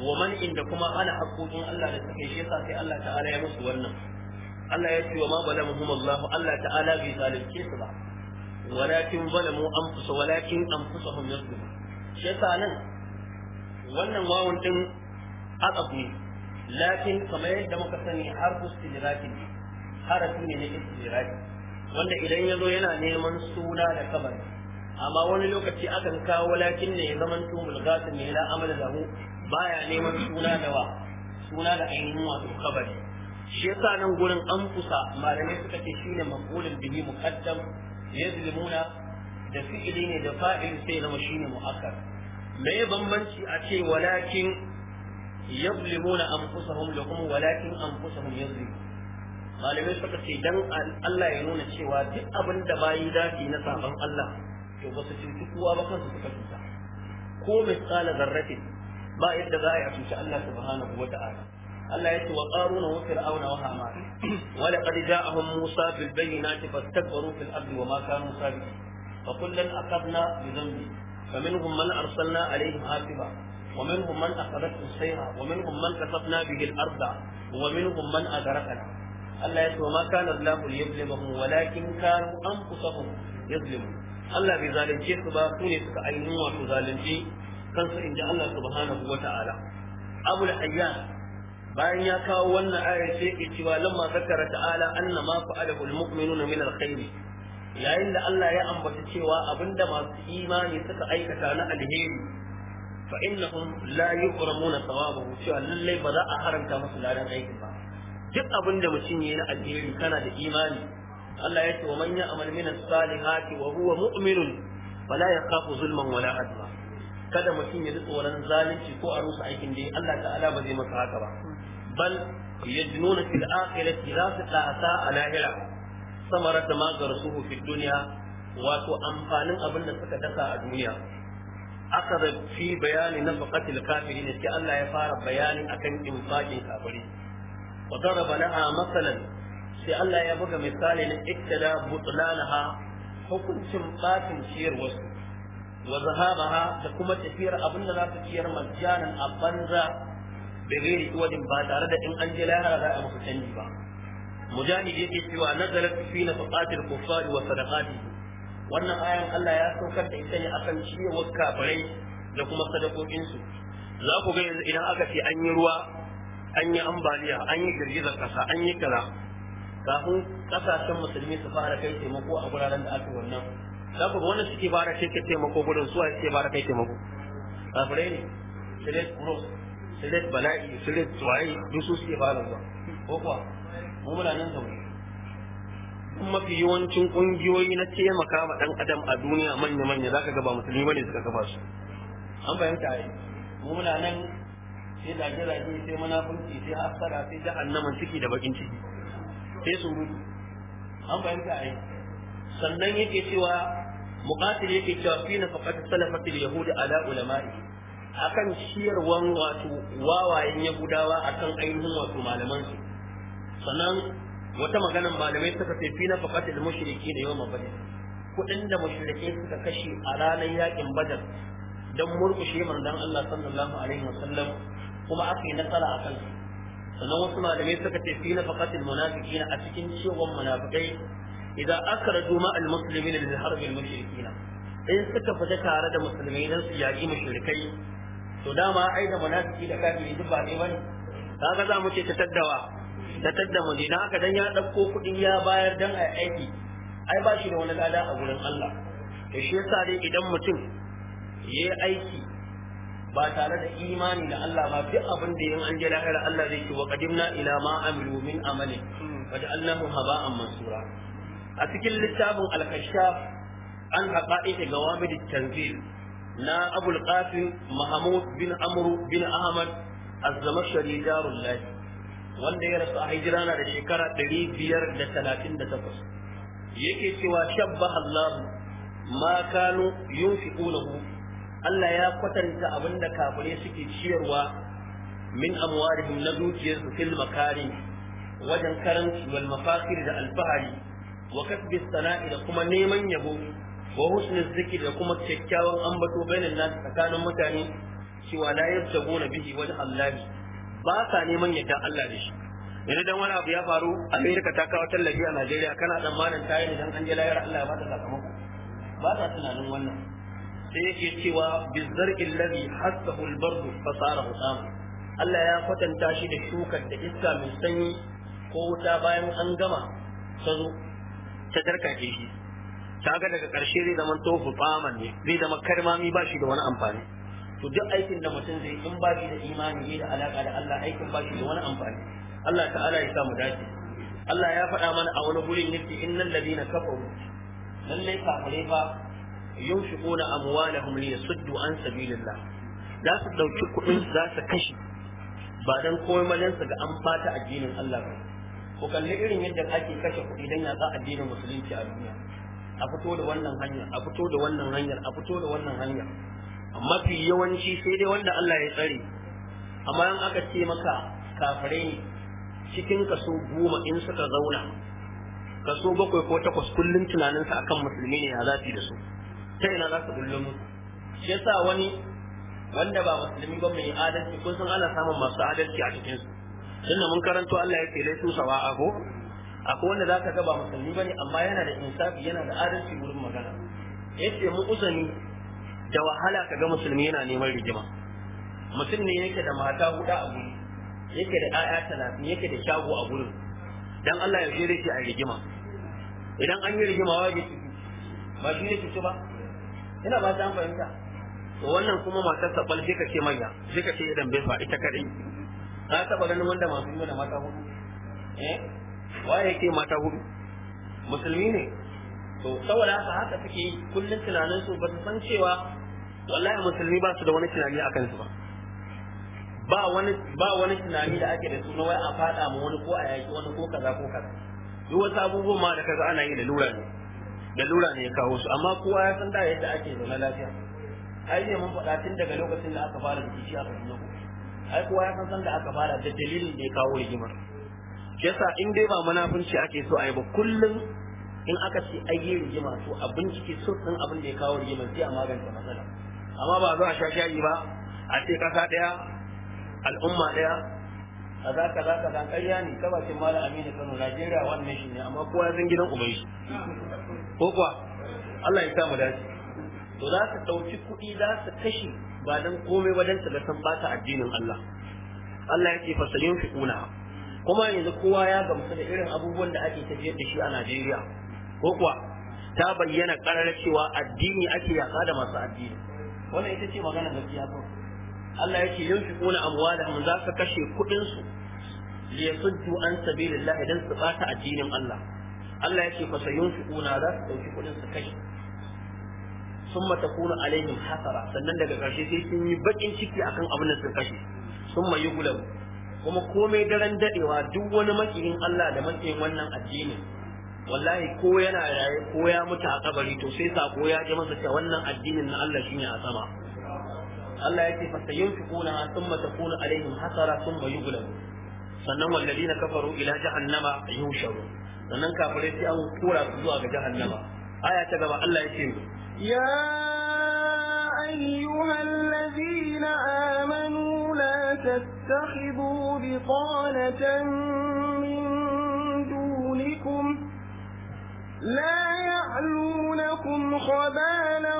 wa man inda kuma ana haƙoƙin Allah da suka yi shi yasa sai Allah ta'ala ya musu wannan Allah ya ce wa ma balamuhum Allah Allah ta'ala bai zalunce su ba walakin zalamu anfusu walakin anfusuhum yasbu shi yasa nan wannan wawun din aqab ne lakin kamar yadda muka sani har istijraki ne harafi ne na istijraki wanda idan ya zo yana neman suna da kabari amma wani lokaci akan kawo lakin ne ya zaman to gasa ne la amal lahu baya neman suna da wa suna da ainihin wato kabari shi yasa nan gurin an kusa malamai suka ce shine maqulun bihi muqaddam yazlimuna da fi'ili ne da fa'il sai zama shine mu'akkar me bambanci a ce walakin yadlimuna anfusahum da kuma walakin anfusahum yadlimun malamai suka ce dan Allah ya nuna cewa duk abin da bayi dafi na saban Allah to ba su cuci kowa ba kansu suka cuta ko misala zarratin ba yadda za a yi a cuci Allah subhanahu wa Allah ya ce wa qaruna wa fir'auna wa haman wa laqad ja'ahum Musa bil bayyinati fastakbaru fil ardi wa ma kanu sabiqin wa kullan aqadna bi dhanbi فمنهم من أرسلنا عليهم حاسبا ومنهم من أخذته الصيحة ومنهم من كسفنا به الأرض ومنهم من أدركنا الله يسوى ما كان الله ليظلمهم ولكن كانوا أنفسهم يظلمون الله بذلك يسوى سوني سكأيهم وتذالك kansu in ji Allah subhanahu wa ta'ala abul bayan ya kawo wannan ayar sai ke cewa lamma zakara ta'ala anna ma fa'alahu almu'minuna min alkhair yayin da Allah ya ambaci cewa abinda masu imani suka aikata na alheri fa innahum la yuqramuna thawabahu cewa lallai ba za a haranta musu ladan aikin ba duk abin da mutum yayi na alheri kana da imani Allah ya ce wa man ya'mal min as-salihati wa huwa mu'minun fala yakhafu zulman wala adwa kada mutum ya ji tsoron zalunci ko a rusa aikin da Allah ta'ala ba zai masa haka ba bal yajnuna fil za su ta'ata a hira samarata ma garsuhu fid dunya wato amfanin abin da suka dasa a duniya aka fi bayani na faƙatil kafiri ne sai Allah ya fara bayani akan infaƙin kafiri wa daraba laha masalan sai Allah ya buga misali na iktada butlanaha hukuncin batin ciyar wasu wa zahabaha da kuma tafiyar abin da za ta ciyar majanan a banza da gairi iwadin ba tare da in an je lahara za a musu canji ba mujahid yake cewa nazalat fi nafaqatil kufari wa sadaqatihi wannan ayan Allah ya saukar da ita ne akan ciyewar kafirai da kuma sadakokinsu za ku ga yanzu idan aka ce an yi ruwa an yi ambaliya an yi girgizar kasa an yi kaza kafin kasashen musulmi su fara kai taimako a guraren da aka wannan za ku ga wanda suke fara kai taimako gudun suwa suke fara kai taimako kafirai ne silet cross silet bala'i silet tsawai duk su suke fara zuwa ko kuwa mu muna nan zaune mafi yawancin kungiyoyi na taimaka ma dan adam a duniya manya manya Za ka gaba musulmi bane suka kafa su an bayanta a mu muna nan sai zage zage sai munafunci sai hasara sai annaman ciki da bakin ciki sai su an a yi sannan yake cewa muqatil yake cewa fi nafaqat salafat al-yahud ala ulama'i akan shiyarwan wato wawayen yahudawa akan ainihin wato malaman su sannan wata maganan malamai suka ce fi na faqat al mushriki da yawan badar kuɗin da mushrike suka kashe a ranar yakin badar don murkushe manzon Allah sallallahu alaihi wasallam kuma aka yi nasara akan su sannan wasu malamai suka ce fi na faqat al munafiqina a cikin ciwon munafikai idan akraju ma al muslimina lil harb al mushrikina in suka fita tare da musulmai don su yaƙi mushrikai to dama ai da munafiki da kafiri duk ba ne bane kaga za mu ce ta taddawa Na tadda mu haka dan ya dauko kudin ya bayar dan a aiki ai ba shi da wani lada a gurin Allah to shi yasa dai idan mutum yayi aiki ba tare da imani da Allah ba duk abin da yin an je lahira Allah zai ce wa qadimna ila ma amilu min amalin waja'alnahu haba'an mansura a cikin littafin al-kashaf an haqa'iq gawamid tanzil na abul qasim mahmud bin amru bin ahmad az-zamakhshari darul lahi wanda ya rasu a hijira na da shekara takwas. yake cewa shabba Allah ma kanu yunfiqunahu Allah ya kwatanta abinda kafirai suke ciyarwa min amwarihim na dukiyarsu fil makarim wajen karanci wal mafakir da alfahari wa kasbi sana'i da kuma neman yabo wa husnul da kuma kyakkyawan ambato bainan nasu tsakanin mutane cewa la yabtaguna bihi wajen Allah ba sa neman yadda Allah da shi yanzu dan wani abu ya faru Amerika ta kawo tallafi a Najeriya kana tsammanin ta yi dan an ji layar Allah ba ta sakamako ba ta tunanin wannan sai yake cewa bizar illazi hasahu albardu fasara husam Allah ya kwatanta shi da shukar da iska mai sanyi ko wuta bayan an gama ta zo ta tarkace shi ga daga ƙarshe zai zama tofu faman ne zai zama karmami ba shi da wani amfani to duk aikin da mutum zai in ba shi da imani ne da alaka da Allah aikin ba shi da wani amfani Allah ta'ala ya samu dace Allah ya faɗa mana a wani gurin yace innal ladina kafaru lalle kafirai fa yunfiquna amwalahum yasuddu an sabilillah za su dauki kuɗin za su kashe ba dan komai malan su ga an fata addinin Allah ba ku kalli irin yadda ake kashe kuɗi dan ya za addinin musulunci a duniya a fito da wannan hanya a fito da wannan hanyar a fito da wannan hanyar mafi yawanci sai dai wanda Allah ya tsare amma in aka ce maka kafirai cikin kaso goma in suka zauna kaso bakwai ko takwas kullum tunaninsa akan musulmi ne ya zafi da su ta ina za su kullum shi yasa wani wanda ba musulmi ba mai adalci kun san ana samun masu adalci a cikin su tunda mun karanto Allah ya ce sawa a ko akwai wanda za ka ga ba musulmi ne amma yana da insafi yana da adalci wurin magana yace mu uzani da wahala ka ga musulmi yana neman rigima mutum ne yake da mata guda a guri yake da ɗaya talatin yake da shago a gurin dan Allah ya jere shi a rigima idan an yi rigima wa ya ciki ba shi ne ba ina ba ta fahimta to wannan kuma matar sabal sai ka ce manya sai ka ce idan bai fa ita kadai ka taba ganin wanda masu yi da mata hudu eh waye yake mata hudu musulmi ne to saboda haka haka suke kullun tunanin su ba su san cewa wallahi musulmi ba su da wani tunani a kansu ba ba wani ba wani tunani da ake da su na wai a fada mu wani ko a yaki wani ko kaza ko kaza duk wasu abubuwan ma da kaza ana yi da lura ne da lura ne ya kawo su amma kowa ya san da yadda ake zaune lafiya ai ne mun faɗa tun daga lokacin da aka fara biki a kan ku ai kowa ya san da aka fara da dalilin da ya kawo rigimar shi yasa in dai ba munafunci ake so a yi ba kullum in aka ce ai yi rigima to a bincike sosin abin da ya kawo rigima sai a magance matsalar amma ba zo a sha shayi ba a ce kasa ɗaya al'umma ɗaya A za kaza kaza kaza ƙarya ne ta bakin malam aminu kano najeriya wannan shi ne amma kowa zan gidan Umar shi ko kuwa allah ya samu mu dace to za su ɗauki kuɗi za su kashe ba don komai ba don ga san bata addinin allah allah ya ce fasalin fi'una kuma yanzu kowa ya gamsu da irin abubuwan da ake tafiyar da shi a najeriya ko kuwa ta bayyana ƙarar cewa addini ake yaƙa da masu addini wannan ita ce magana gaskiya ko Allah yake yunfiquna amwalahum za ka kashe kudin su liyasuddu an sabilillah idan su bata addinin Allah Allah yake fa kuna, za su dauki kudin su kashe summa takunu alaihim hasara sannan daga karshe sai sun yi bakin ciki akan abin da su kashe summa yughlabu kuma komai daren dadewa duk wani makiyin Allah da makiyin wannan addini wallahi ko yana raye ko ya mutu a kabari to sai sako ya ji masa cewa wannan addinin na Allah shine a sama Allah yake fa sayunfiquna thumma takunu alaihim hasara thumma yughlab sannan walladina kafaru ila jahannama yusharu sannan kafirai sai an kura su zuwa ga jahannama aya ta gaba Allah ya ce ya أيها الذين آمنوا لا تتخذوا بطانة لا يعلونكم خبالا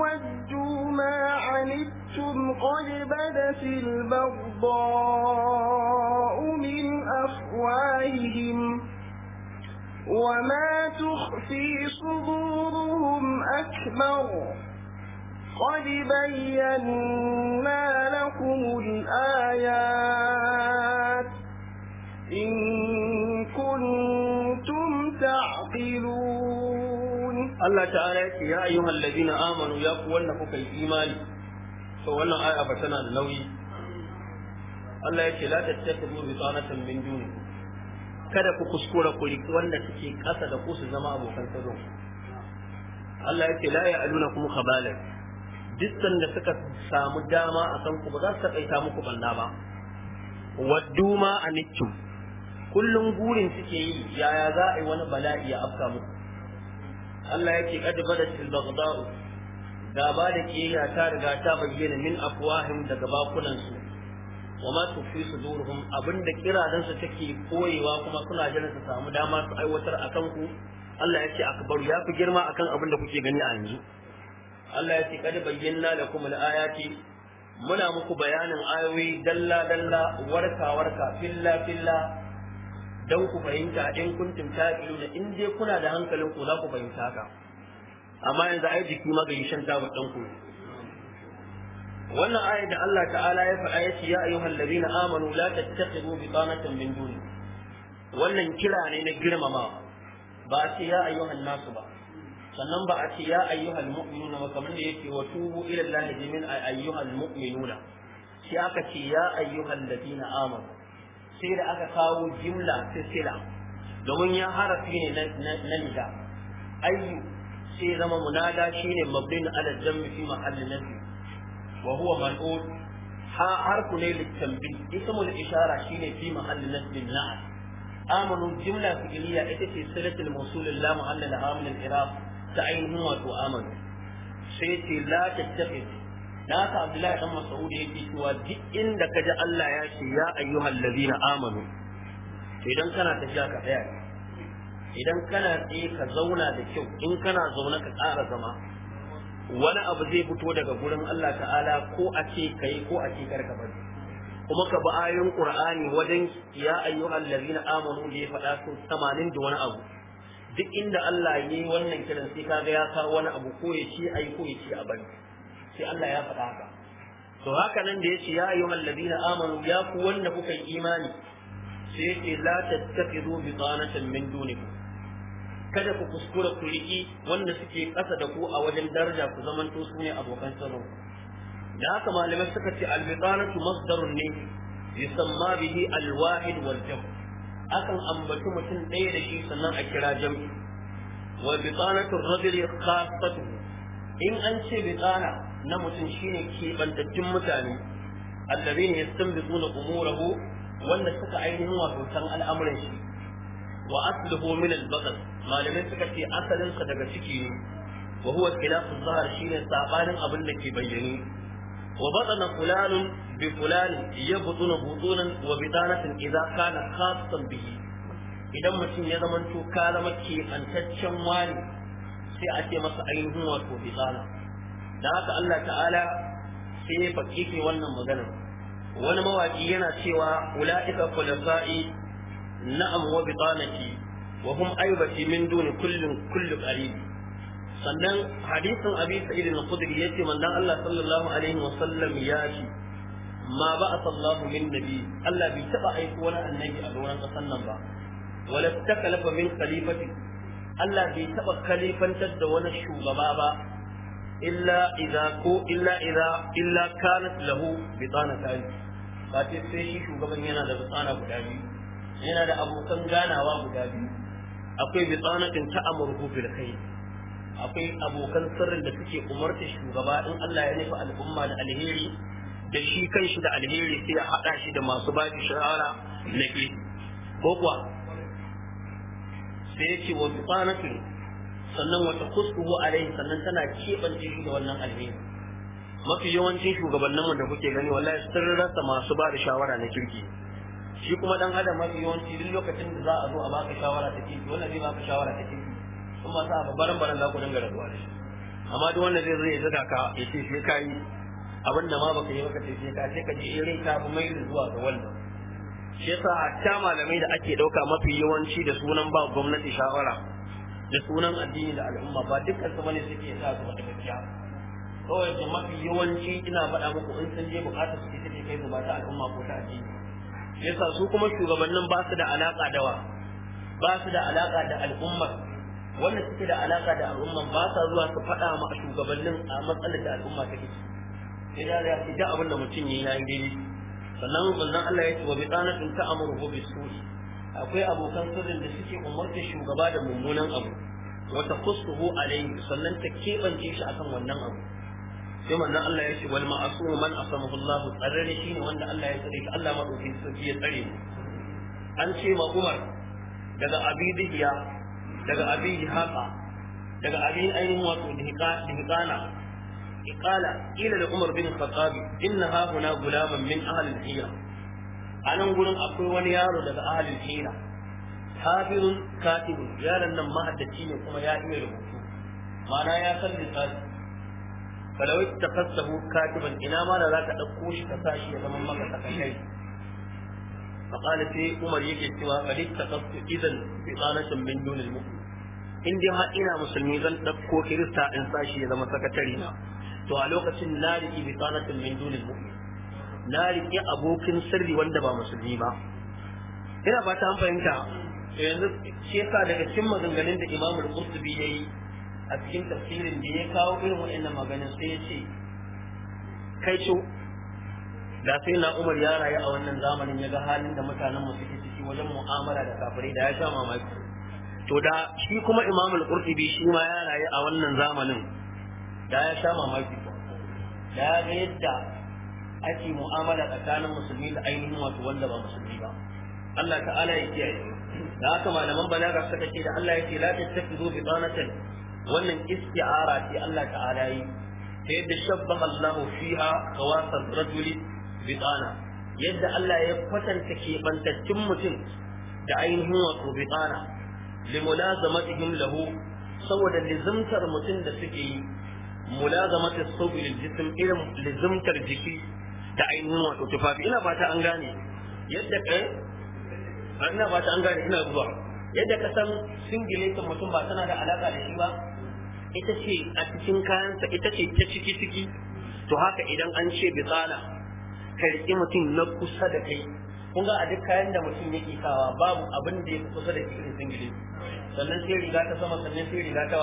وجوا ما عنتم قد بدت البغضاء من أفواههم وما تخفي صدورهم أكبر قد بينا لكم الآيات Allah ta'ala ya ce ya ayyuhal ladina amanu ya ku wannan kuka yi imani to wannan aya ba tana da nauyi Allah ya ce la tattakhudhu bitanatan min duni kada ku kuskura ku riki wanda suke kasa da ku su zama abokan sirrin Allah ya ce la ya'aluna kum khabalan dukkan da suka samu dama a san ku ba za su taƙaita muku banda ba waddu ma anittum kullum gurin suke yi yaya za a yi wani bala'i ya afka muku Allah yake kad badatil baghdau gaba da ya ta riga ta bayyana min afwahim daga bakunan su wa ma tufi suduruhum abinda kiradan su take koyewa kuma suna jira su samu dama su aiwatar akan ku Allah yake akbaru ya fi girma akan abinda kuke gani a yanzu Allah yake kad bayyana lakum al-ayati muna muku bayanin ayoyi dalla dalla warka warka filla filla dan ku fahimta in kuntum da in dai kuna da hankalin ku za ku fahimta ka, amma yanzu ai jiki magayi shan tabar ɗan ku wannan ayar da Allah ta'ala ya faɗa ya ce ya ayyuhal ladina amanu la tattakhidhu bitanatan min duni wannan kira ne na girmama ba a ce ya ayyuhan nasu ba sannan ba a ce ya ayyuhal mu'minuna ba kamar da yake wa tubu ila Allah min ayyuhal mu'minuna sai aka ce ya ayyuhal ladina amanu sai da aka kawo jimla silsila domin ya harafi ne na nida ayyu sai zama munada shine mabdin ala jammi fi mahalli nafi wa huwa mal'ul ha harku ne litambi ismul ishara shine fi mahalli nafi na'at amanu jimla fi'liya ita ce silatul mawsul la mu'allal amil al-iraq ta ainihin wato amanu sai ce la tattafi Na haka abdullahi dan mas'ud yake cewa duk inda ka ji Allah ya ce ya ayyuhal ladina amanu idan kana tafiya ka tsaya idan kana tsaye ka zauna da kyau in kana zauna ka tsara zama wani abu zai fito daga wurin Allah ta'ala ko a ce kai ko a ce karka bari kuma ka bi ayoyin Qur'ani wajen ya ayyuhal ladina amanu da ya faɗa su 80 da wani abu duk inda Allah yi wannan kiran sai kaga ya kawo wani abu ko ya ai ko ya ce a bari sai Allah ya faɗa haka to haka nan da yace ya ayyuhal ladina amanu ya ku wanda kuka yi imani sai yace la tattaqidu bi min dunikum kada ku kuskura ku riƙi wanda suke ƙasa da ku a wajen daraja ku zamanto su ne abokan tsaro da haka malamai suka ce albiqanatu masdarun ne yusamma bihi alwahid wal jam akan ambaci mutum ɗaya da shi sannan a kira jam'i wa biqanatu rajuli khassatu in an ce biqana na mutum shine keɓantattun mutane allazina yastanbituna umurahu wanda suka ainihin wato san al'amuran shi wa asluhu min al-baqal malamai suka ce asalin sa daga ciki ne wa huwa khilafu zahar shine sabanin abin da ke bayyane wa batana fulanun bi fulanin yabtuna butunan wa bidanatin idza kana khassan bihi idan mutum ya zamanto ka zama ke antaccen wani sai a ce masa ainihin wato bidana da haka Allah ta'ala sai ya fakife wannan magana wani mawaƙi yana cewa ula'ika khulafa'i na'am wa bitanaki wa hum aibati min duni kullum kullu qarib sannan hadisin abi sa'id al-khudri yace manzon Allah sallallahu alaihi wa sallam ya ce ma ba'atha Allah min nabi Allah bai taba aiko wani annabi a doron kasan nan ba wala takalafa min khalifati Allah bai taba khalifantar da wani shugaba ba illa idza ko illa idza illa kanat lahu bitana tani shugaban yana da bitsana guda biyu yana da abokan ganawa guda biyu akwai ta amurku kai akwai abokan sirrin da suke umarta shugaba in Allah ya nufi al'umma da alheri da shi kanshi da alheri sai ya hada shi da masu ba shi shawara na ke ko kuwa sai ya ce wa bitsanatin sannan wata a alaihi sannan tana keɓance shi da wannan alheri mafi yawancin shugabannin mu da kuke gani wallahi sun rasa masu ba da shawara na kirki shi kuma dan adam mafi yawanci duk lokacin da za a zo a baka shawara ta kirki wannan zai baka shawara ta kirki sun ba sa a babaran baran za ku dinga rabuwa da shi amma duk wanda zai zo ya zaga ka ya ce sai ka yi abin da ma baka yi baka ce sai ka sai ka je irin ka fi mai zuwa ga wannan shi yasa hatta malamai da ake dauka mafi yawanci da sunan ba gwamnati shawara da sunan addini da al'umma ba dukkan su bane suke sa su da gaskiya kawai da mafi yawanci ina faɗa muku in sun je buƙatar su ita kai su ba ta al'umma ko ta addini yasa su kuma shugabannin ba su da alaka da wa ba su da alaka da al'umma wanda suke da alaka da al'umma ba sa zuwa su faɗa ma shugabannin a matsalar da al'umma take ciki sai da ya ce da abin da mutum yayi yayin daidai sannan manzon Allah ya ce wa bi ta amuru bi su'i akwai abokan sirrin da suke umarta shugaba da mummunan abu wata kusuhu alayhi sannan ta kebance shi akan wannan abu sai manzon Allah ya ce wal ma'asum man asamahu Allah tsarare shine wanda Allah ya tsare shi Allah madaukin sarki ya tsare mu an ce ma Umar daga Abi daga Abi Haka daga Abi ainihin wato Dihqana قال Umar bin بن الخطاب إن ها هنا min من أهل الحيرة a nan gurin akwai wani yaro daga ahalin hina kafirun katibun yaron nan mahaddaci ne kuma ya iya rubutu ma'ana ya san lissafi falawai ta fassahu katiban ina ma da za ka ɗauko shi ka sa shi ya zama maka sakashai فقال في عمر يجي سوى قد اتخذت اذا بطانة من دون المؤمن in dai ma ina musulmi zan ɗauko kirista in sa shi ya zama sakatare na to a lokacin la da ibi tsanatin min dunin mu'min na riƙe abokin sirri wanda ba musulmi ba ina ba ta fahimta yanzu shi sa daga cikin maganganun da imamul qurtubi yi a cikin tafsirin da ya kawo irin waɗannan maganin sai ya ce kai co da sai na umar ya rayu a wannan zamanin ya ga halin da mutanen mu suke ciki wajen mu'amala da kafirai da ya sha mamaki to da shi kuma imamul qurtubi shi ma ya rayu a wannan zamanin da ya sha mamaki da ya ga yadda ake mu'amala tsakanin musulmi da ainihin wato wanda ba musulmi ba Allah ta'ala ya kiyaye da haka malaman balaga suka ce da Allah ya ce la tattakhidhu bitanatan wannan isti'ara ce Allah ta'ala yi ta yadda shabbaha Allah fiha khawasar rajuli bitana yadda Allah ya kwatanta kebantaccen mutum da ainihin wato bitana limulazamatihim lahu saboda lizimtar mutum da suke yi mulazamatu sabu lil jism irin lizimtar jiki da ainihin wato tufafi ina ba ta an gane yadda kai eh? ina ba ta an gane ina zuwa yadda ka san singilation mutum ba tana da alaka da shi ba ita ce a cikin kayansa ita ce ta ciki ciki to haka idan an ce bitsala ka riƙi mutum na kusa da kai kun ga a duk kayan da mutum yake kawa babu abin da ya kusa da cikin singilin sannan sai riga ta sama sannan sai riga ta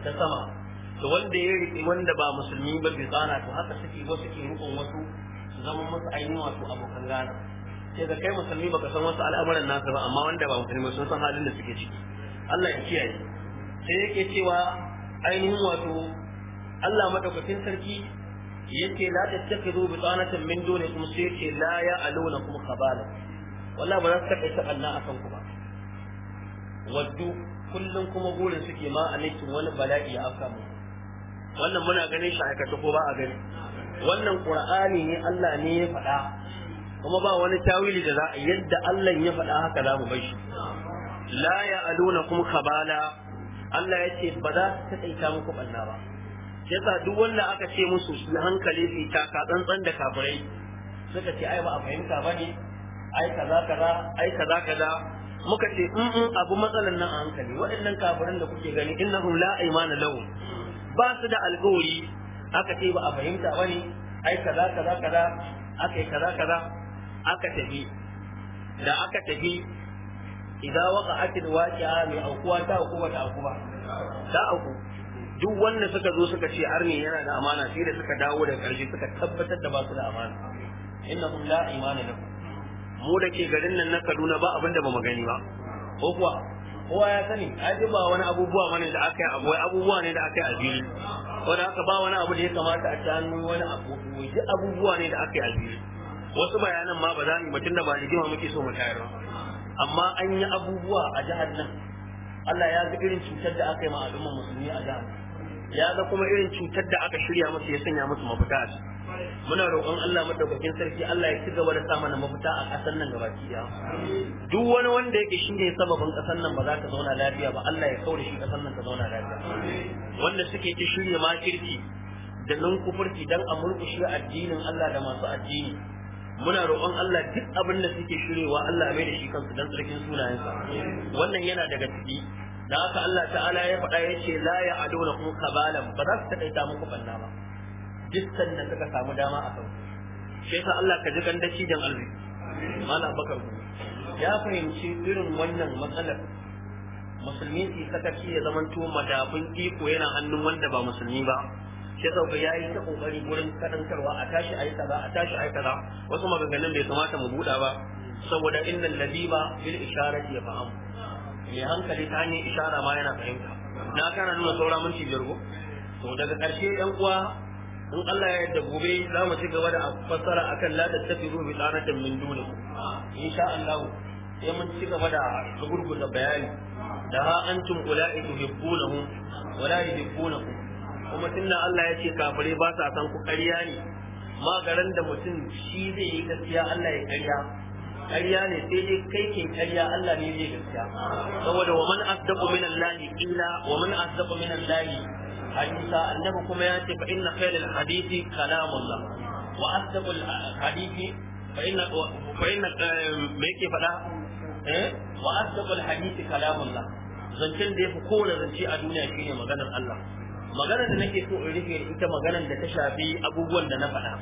ta sama to wanda ya riƙi wanda ba musulmi ba bitsala to haka suke wasu ke rukun wasu zama musu ainihin wato abokan gana sai ga kai musulmi baka san wasu al'amuran nasu ba amma wanda ba musulmi sun san halin da suke ciki Allah ya kiyaye sai yake cewa ainihin wato Allah madaukakin sarki yake la tattakhidhu bi tsanatan min kuma sai yake la kuma khabala wallahi ba za su taɓa ta Allah akan ku ba waddu kullum kuma gurin suke ma alaikum wani bala'i ya afka mu wannan muna ganin shi aikata ko ba a gani wannan qur'ani ne Allah ne ya faɗa kuma ba wani tawili da za a yadda Allah ya faɗa haka za mu bai shi la ya'alunakum khabala Allah ya ce ba za su taƙaita muku ɓanna ba yasa duk wanda aka ce musu su hankali su taka tsantsan da kafirai suka ce ai ba a fahimta ba ne ai kaza kaza ai kaza kaza muka ce in in abu matsalan nan a hankali waɗannan kafirin da kuke gani innahum la aymana lahum ba su da alƙawari aka ce ba a fahimta ba ne ai kaza kaza kaza aka yi kaza kaza aka tafi da aka tafi idan waka waki a mai aukuwa ta aukuwa ta aukuwa ta auku duk wanda suka zo suka ce ne yana da amana sai da suka dawo da karshe suka tabbatar da ba su da amana innahum la imana lahum mu da ke garin nan na Kaduna ba abinda ba mu gani ba ko kuwa kowa ya sani ai ba wani abubuwa bane da aka yi abu abubuwa ne da aka yi a Wani wanda aka ba wani abu da ya kamata a tanu wani abu ji abubuwa ne da aka yi a wasu bayanan ma ba za mu mutun da ba rigima muke so mu tayar amma an yi abubuwa a jihar nan Allah ya ga irin cutar da aka yi ma al'ummar musulmi a jihar ya ga kuma irin cutar da aka shirya musu ya sanya musu mafita a muna roƙon Allah madaukakin sarki Allah ya ci gaba da sa mana mafita a ƙasar nan gabaki ɗaya duk wani wanda yake shine sababin ƙasar nan ba za ta zauna lafiya ba Allah ya kaure shi ƙasar nan ta zauna lafiya wanda suke ta shirya makirci da nan kufurci dan a murƙushe addinin Allah da masu addini muna roƙon Allah duk abin da suke shirewa Allah mai da shi kansu dan sarkin sunayensa wannan yana daga ciki da haka Allah ta'ala ya faɗa ya ce la ya ado na kuma kabalan ba za su taƙaita muku banna ba dukkan da suka samu dama a kan shi yasa Allah ka ji gandaci dan arziki bakar ya fahimci irin wannan matsalar musulmi su sakaci ya zamanto madafin iko yana hannun wanda ba musulmi ba shi sauka ya yi ta kokari gurin karantarwa a tashi a yi kaza a tashi a yi kaza wasu maganganun bai kamata mu buɗa ba saboda innan labiba bil isharati ya fahimu mai hankali ta hanyar ishara ma yana fahimta na kana nuna saura minti biyar ko to daga ƙarshe ɗan uwa in Allah ya yarda gobe za mu ci gaba da fassara akan la tattafiru bi tsanatin min duni insha Allah sai mun ci gaba da gurgurda bayani da ha antum ula'i tuhibbunahum wa la yuhibbunakum kuma tunda Allah ya ce kafare ba sa san ku ƙarya ne ma garan da mutum shi zai yi gaskiya Allah ya ƙarya ƙarya ne sai dai kai kin ƙarya Allah ne zai gaskiya saboda wa man asdaqu min Allah wa man asdaqu min Allah hadisa annabi kuma ya ce fa inna khairul hadisi kalamullah wa hadisi fa inna fa inna eh, me yake faɗa eh, hadisi kalamullah zancen da yafi kowane zance a duniya shine maganar Allah maganar da nake so in rufe ita maganar da ta shafi abubuwan da na faɗa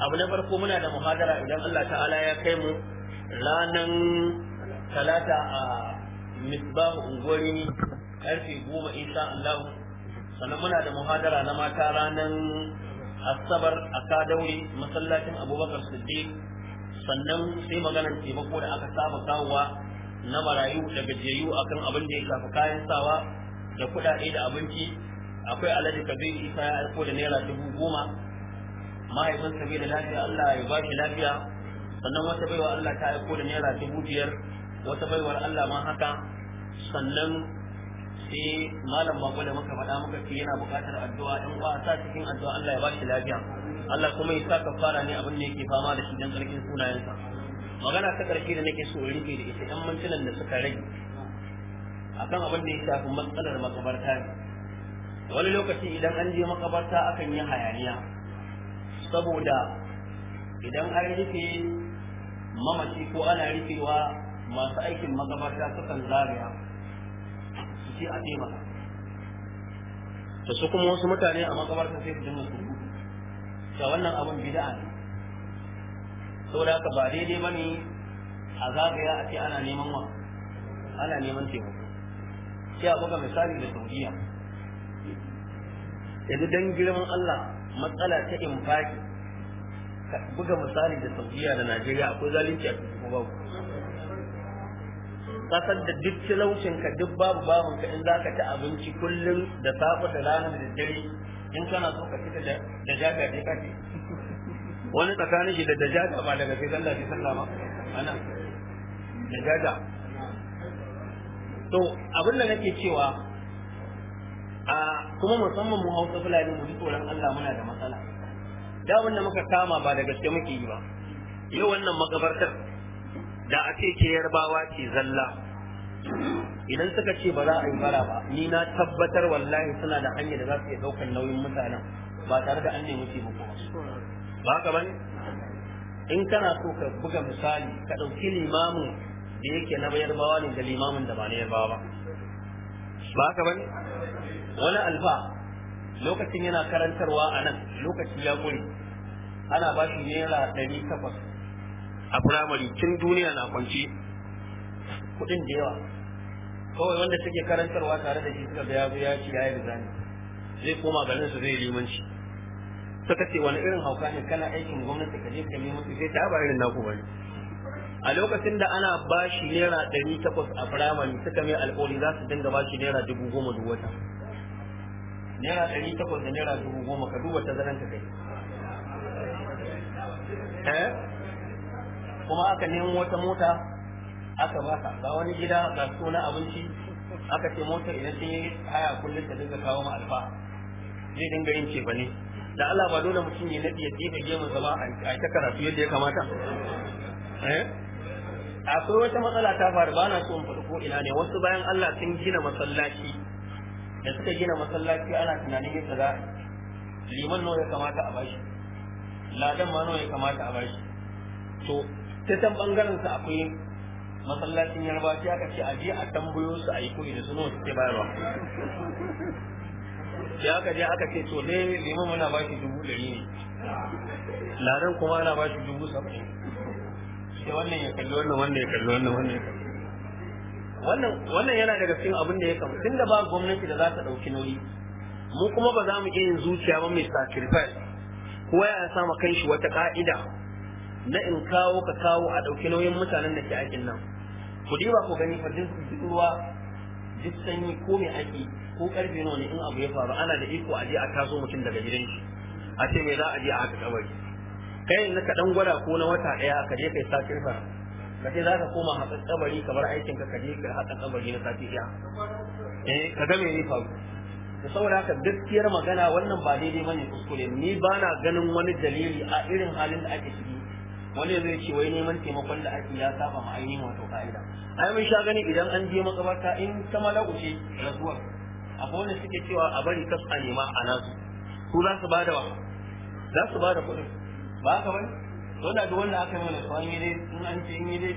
abu na farko muna da muhadara idan Allah ta'ala ya kai mu ranan talata a misbahu ungwari karfe goma insha Allah sannan muna da muhadara na mata ranan asabar a kadauri masallacin abubakar siddiq sannan sai maganar taimako da aka saba kawowa na marayu da gajiyayyu akan abin da ya shafi kayan sawa da kuɗaɗe da abinci akwai alhaji kabir isa ya aiko da naira dubu goma mahaifinsa bai da lafiya allah ya ba shi lafiya sannan wata baiwa Allah ta aiko da naira dubu biyar wata baiwar Allah ma haka sannan sai malam bako da muka faɗa muka ce yana buƙatar addu'a in uwa sa cikin addu'a Allah ya ba shi lafiya Allah kuma ya sa kafara ne abin da yake fama da shi dan karkin sunayensa magana ta ƙarshe da nake so in rike da ita ɗan mantunan da suka rage akan abin da ya shafi matsalar makabarta ne wani lokaci idan an je makabarta akan yi hayaniya saboda idan an rufe mamaci ko ana rikewa masu aikin magabata sukan zariya. su ce a taimaka da su kuma wasu mutane a magabarta sai su dinga su da wannan abin bid'a ne saboda haka ba daidai ba ne a zagaya a ce ana neman wa ana neman taimako sai a buga misali da saudiya yanzu don girman Allah matsala ta infaki buga misali da saudiya da najeriya akwai zalunci a cikin babu kasar da duk talaucin ka duk babu babun ka in za ka ci abinci kullum da safe da rana da dare in kana so ka fita da jaga ne kake wani tsakanin shi da da jaga ba daga kai sallah sai sallah ba ana da jaga to abin da nake cewa a kuma musamman mu hausa fulani mu ji tsoron Allah muna da matsala da wanda muka kama ba da gaske muke yi ba yau wannan magabartar da ake ce yarbawa ce zalla idan suka ce ba za a yi mara ba ni na tabbatar wallahi suna da hanyar da za su iya ɗaukar nauyin mutanen ba tare da an nemi taimako ba ka bane in kana so ka buga misali ka ɗauki limamin da yake na yarbawa ne da limamin da ba na yarbawa ba ba ka bane wani alfa lokacin yana karantarwa a nan lokaci ya ƙuri ana ba shi naira ɗari takwas a firamare tun duniya na kwanci kuɗin da yawa kawai wanda suke karantarwa tare da shi suka biya ya zo ya ci ya yi rizani zai koma garin su zai limanci suka ce wani irin hauka ne kana aikin gwamnati ka je ka su sai ta ba irin naku bane a lokacin da ana ba shi naira ɗari takwas a firamare suka mai alƙawari za su dinga ba shi naira dubu goma duk wata naira ɗari takwas da naira dubu goma ka duba ta zanen kai eh kuma aka nemo wata mota aka baka Ba wani gida ga suna abinci aka ce motar idan sun yi haya kullum ta dinga kawo ma alfa zai dinga yin ba ne da Allah ba dole mutum ya nadi ya jefa gemun sa ba a ta karatu yadda ya kamata eh akwai wata matsala ta faru ba na so in faɗi ko ina ne wasu bayan Allah sun gina masallaci da suka gina masallaci ana tunanin yadda za liman nawa ya kamata a bashi ladan ma nawa ya kamata a bashi to ta san bangaren sa akwai masallacin yarbaci aka ce a je a tambayo su a yi kuɗi da su nawa suke bayarwa sai aka je aka ce to ne liman muna bashi dubu ɗari ne ladan kuma ana bashi dubu saba'in sai wannan ya kalli wannan wannan ya kalli wannan wannan ya kalli wannan wannan yana daga cikin abin da ya kama da ba gwamnati da za ta ɗauki nauyi mu kuma ba za mu iya yin zuciya ba mai sacrifice kowa ya sama kanshi wata ka'ida na in kawo ka kawo a ɗauki nauyin mutanen da ke aikin nan ku diba ku gani fa duk ruwa duk sanyi ko mai aiki ko karfe nawa ne in abu ya faru ana da iko a je a taso mutum daga gidan shi a ce me za a je a haka kabari kai na ka dan gwada ko na wata ɗaya ka je kai sacrifice ka ce za ka koma haƙa kabari kamar aikin ka kaje ka haƙa kabari na sati ɗaya eh ka ga me faru da saboda haka gaskiyar magana wannan ba daidai bane kuskure ni ba na ganin wani dalili a irin halin da ake ciki wani zai ce wai neman taimakon da ake ya saba ma ainihin wato ka'ida ai mun sha gani idan an je makabarta in ta malaku ce rasuwar akwai wanda suke cewa a bari kas a nema a nasu su za su bada wa za su da kuɗin ba ka bane dole duk wanda aka mana to an yi dai in an ce in yi dai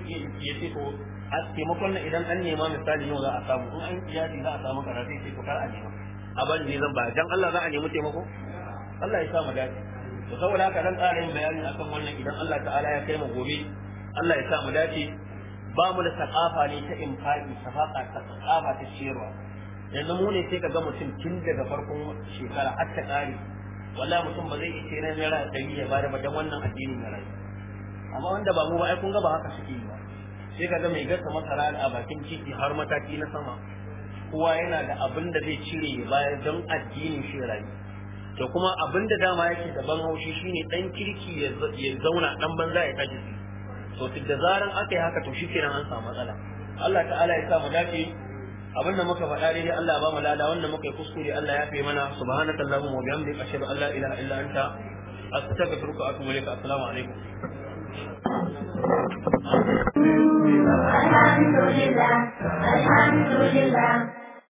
ya ce ko a taimakon na idan an nema misali yau za a samu in an kiyasi za a samu karatu sai ko kar a nema a ban ne zan ba dan Allah za a nemi taimako Allah ya sa mu dace to saboda haka dan ƙara yin bayani akan wannan idan Allah ta'ala ya kai mu gobe Allah ya sa mu dace ba mu da sakafa ne ta infaki safaka ta sakafa ta ciyarwa yanzu mu ne sai ka ga mutum tun daga farkon shekara har ta ƙare wallahi mutum ba zai yi tsere naira ɗari ya bada ba madan wannan addinin na rayu amma wanda ba mu ba ai kun ga ba haka suke yi ba sai ga mai gasa masara a bakin ciki har mataki na sama kowa yana da abin da zai cire ya bayar don addinin shi rayu To kuma abin da dama yake da ban haushi shine dan kirki ya zauna dan banza ya kaji to da zaran aka yi haka to da an samu matsala Allah ta'ala ya sa mu dace abinda muka faɗa daidai Allah ya ba mu lada wanda muka yi kuskure Allah ya fi mana subhanaka allahumma wa bihamdika ashhadu an la ilaha illa anta astaghfiruka wa atubu ilaik assalamu alaikum الحمد لله الحمد لله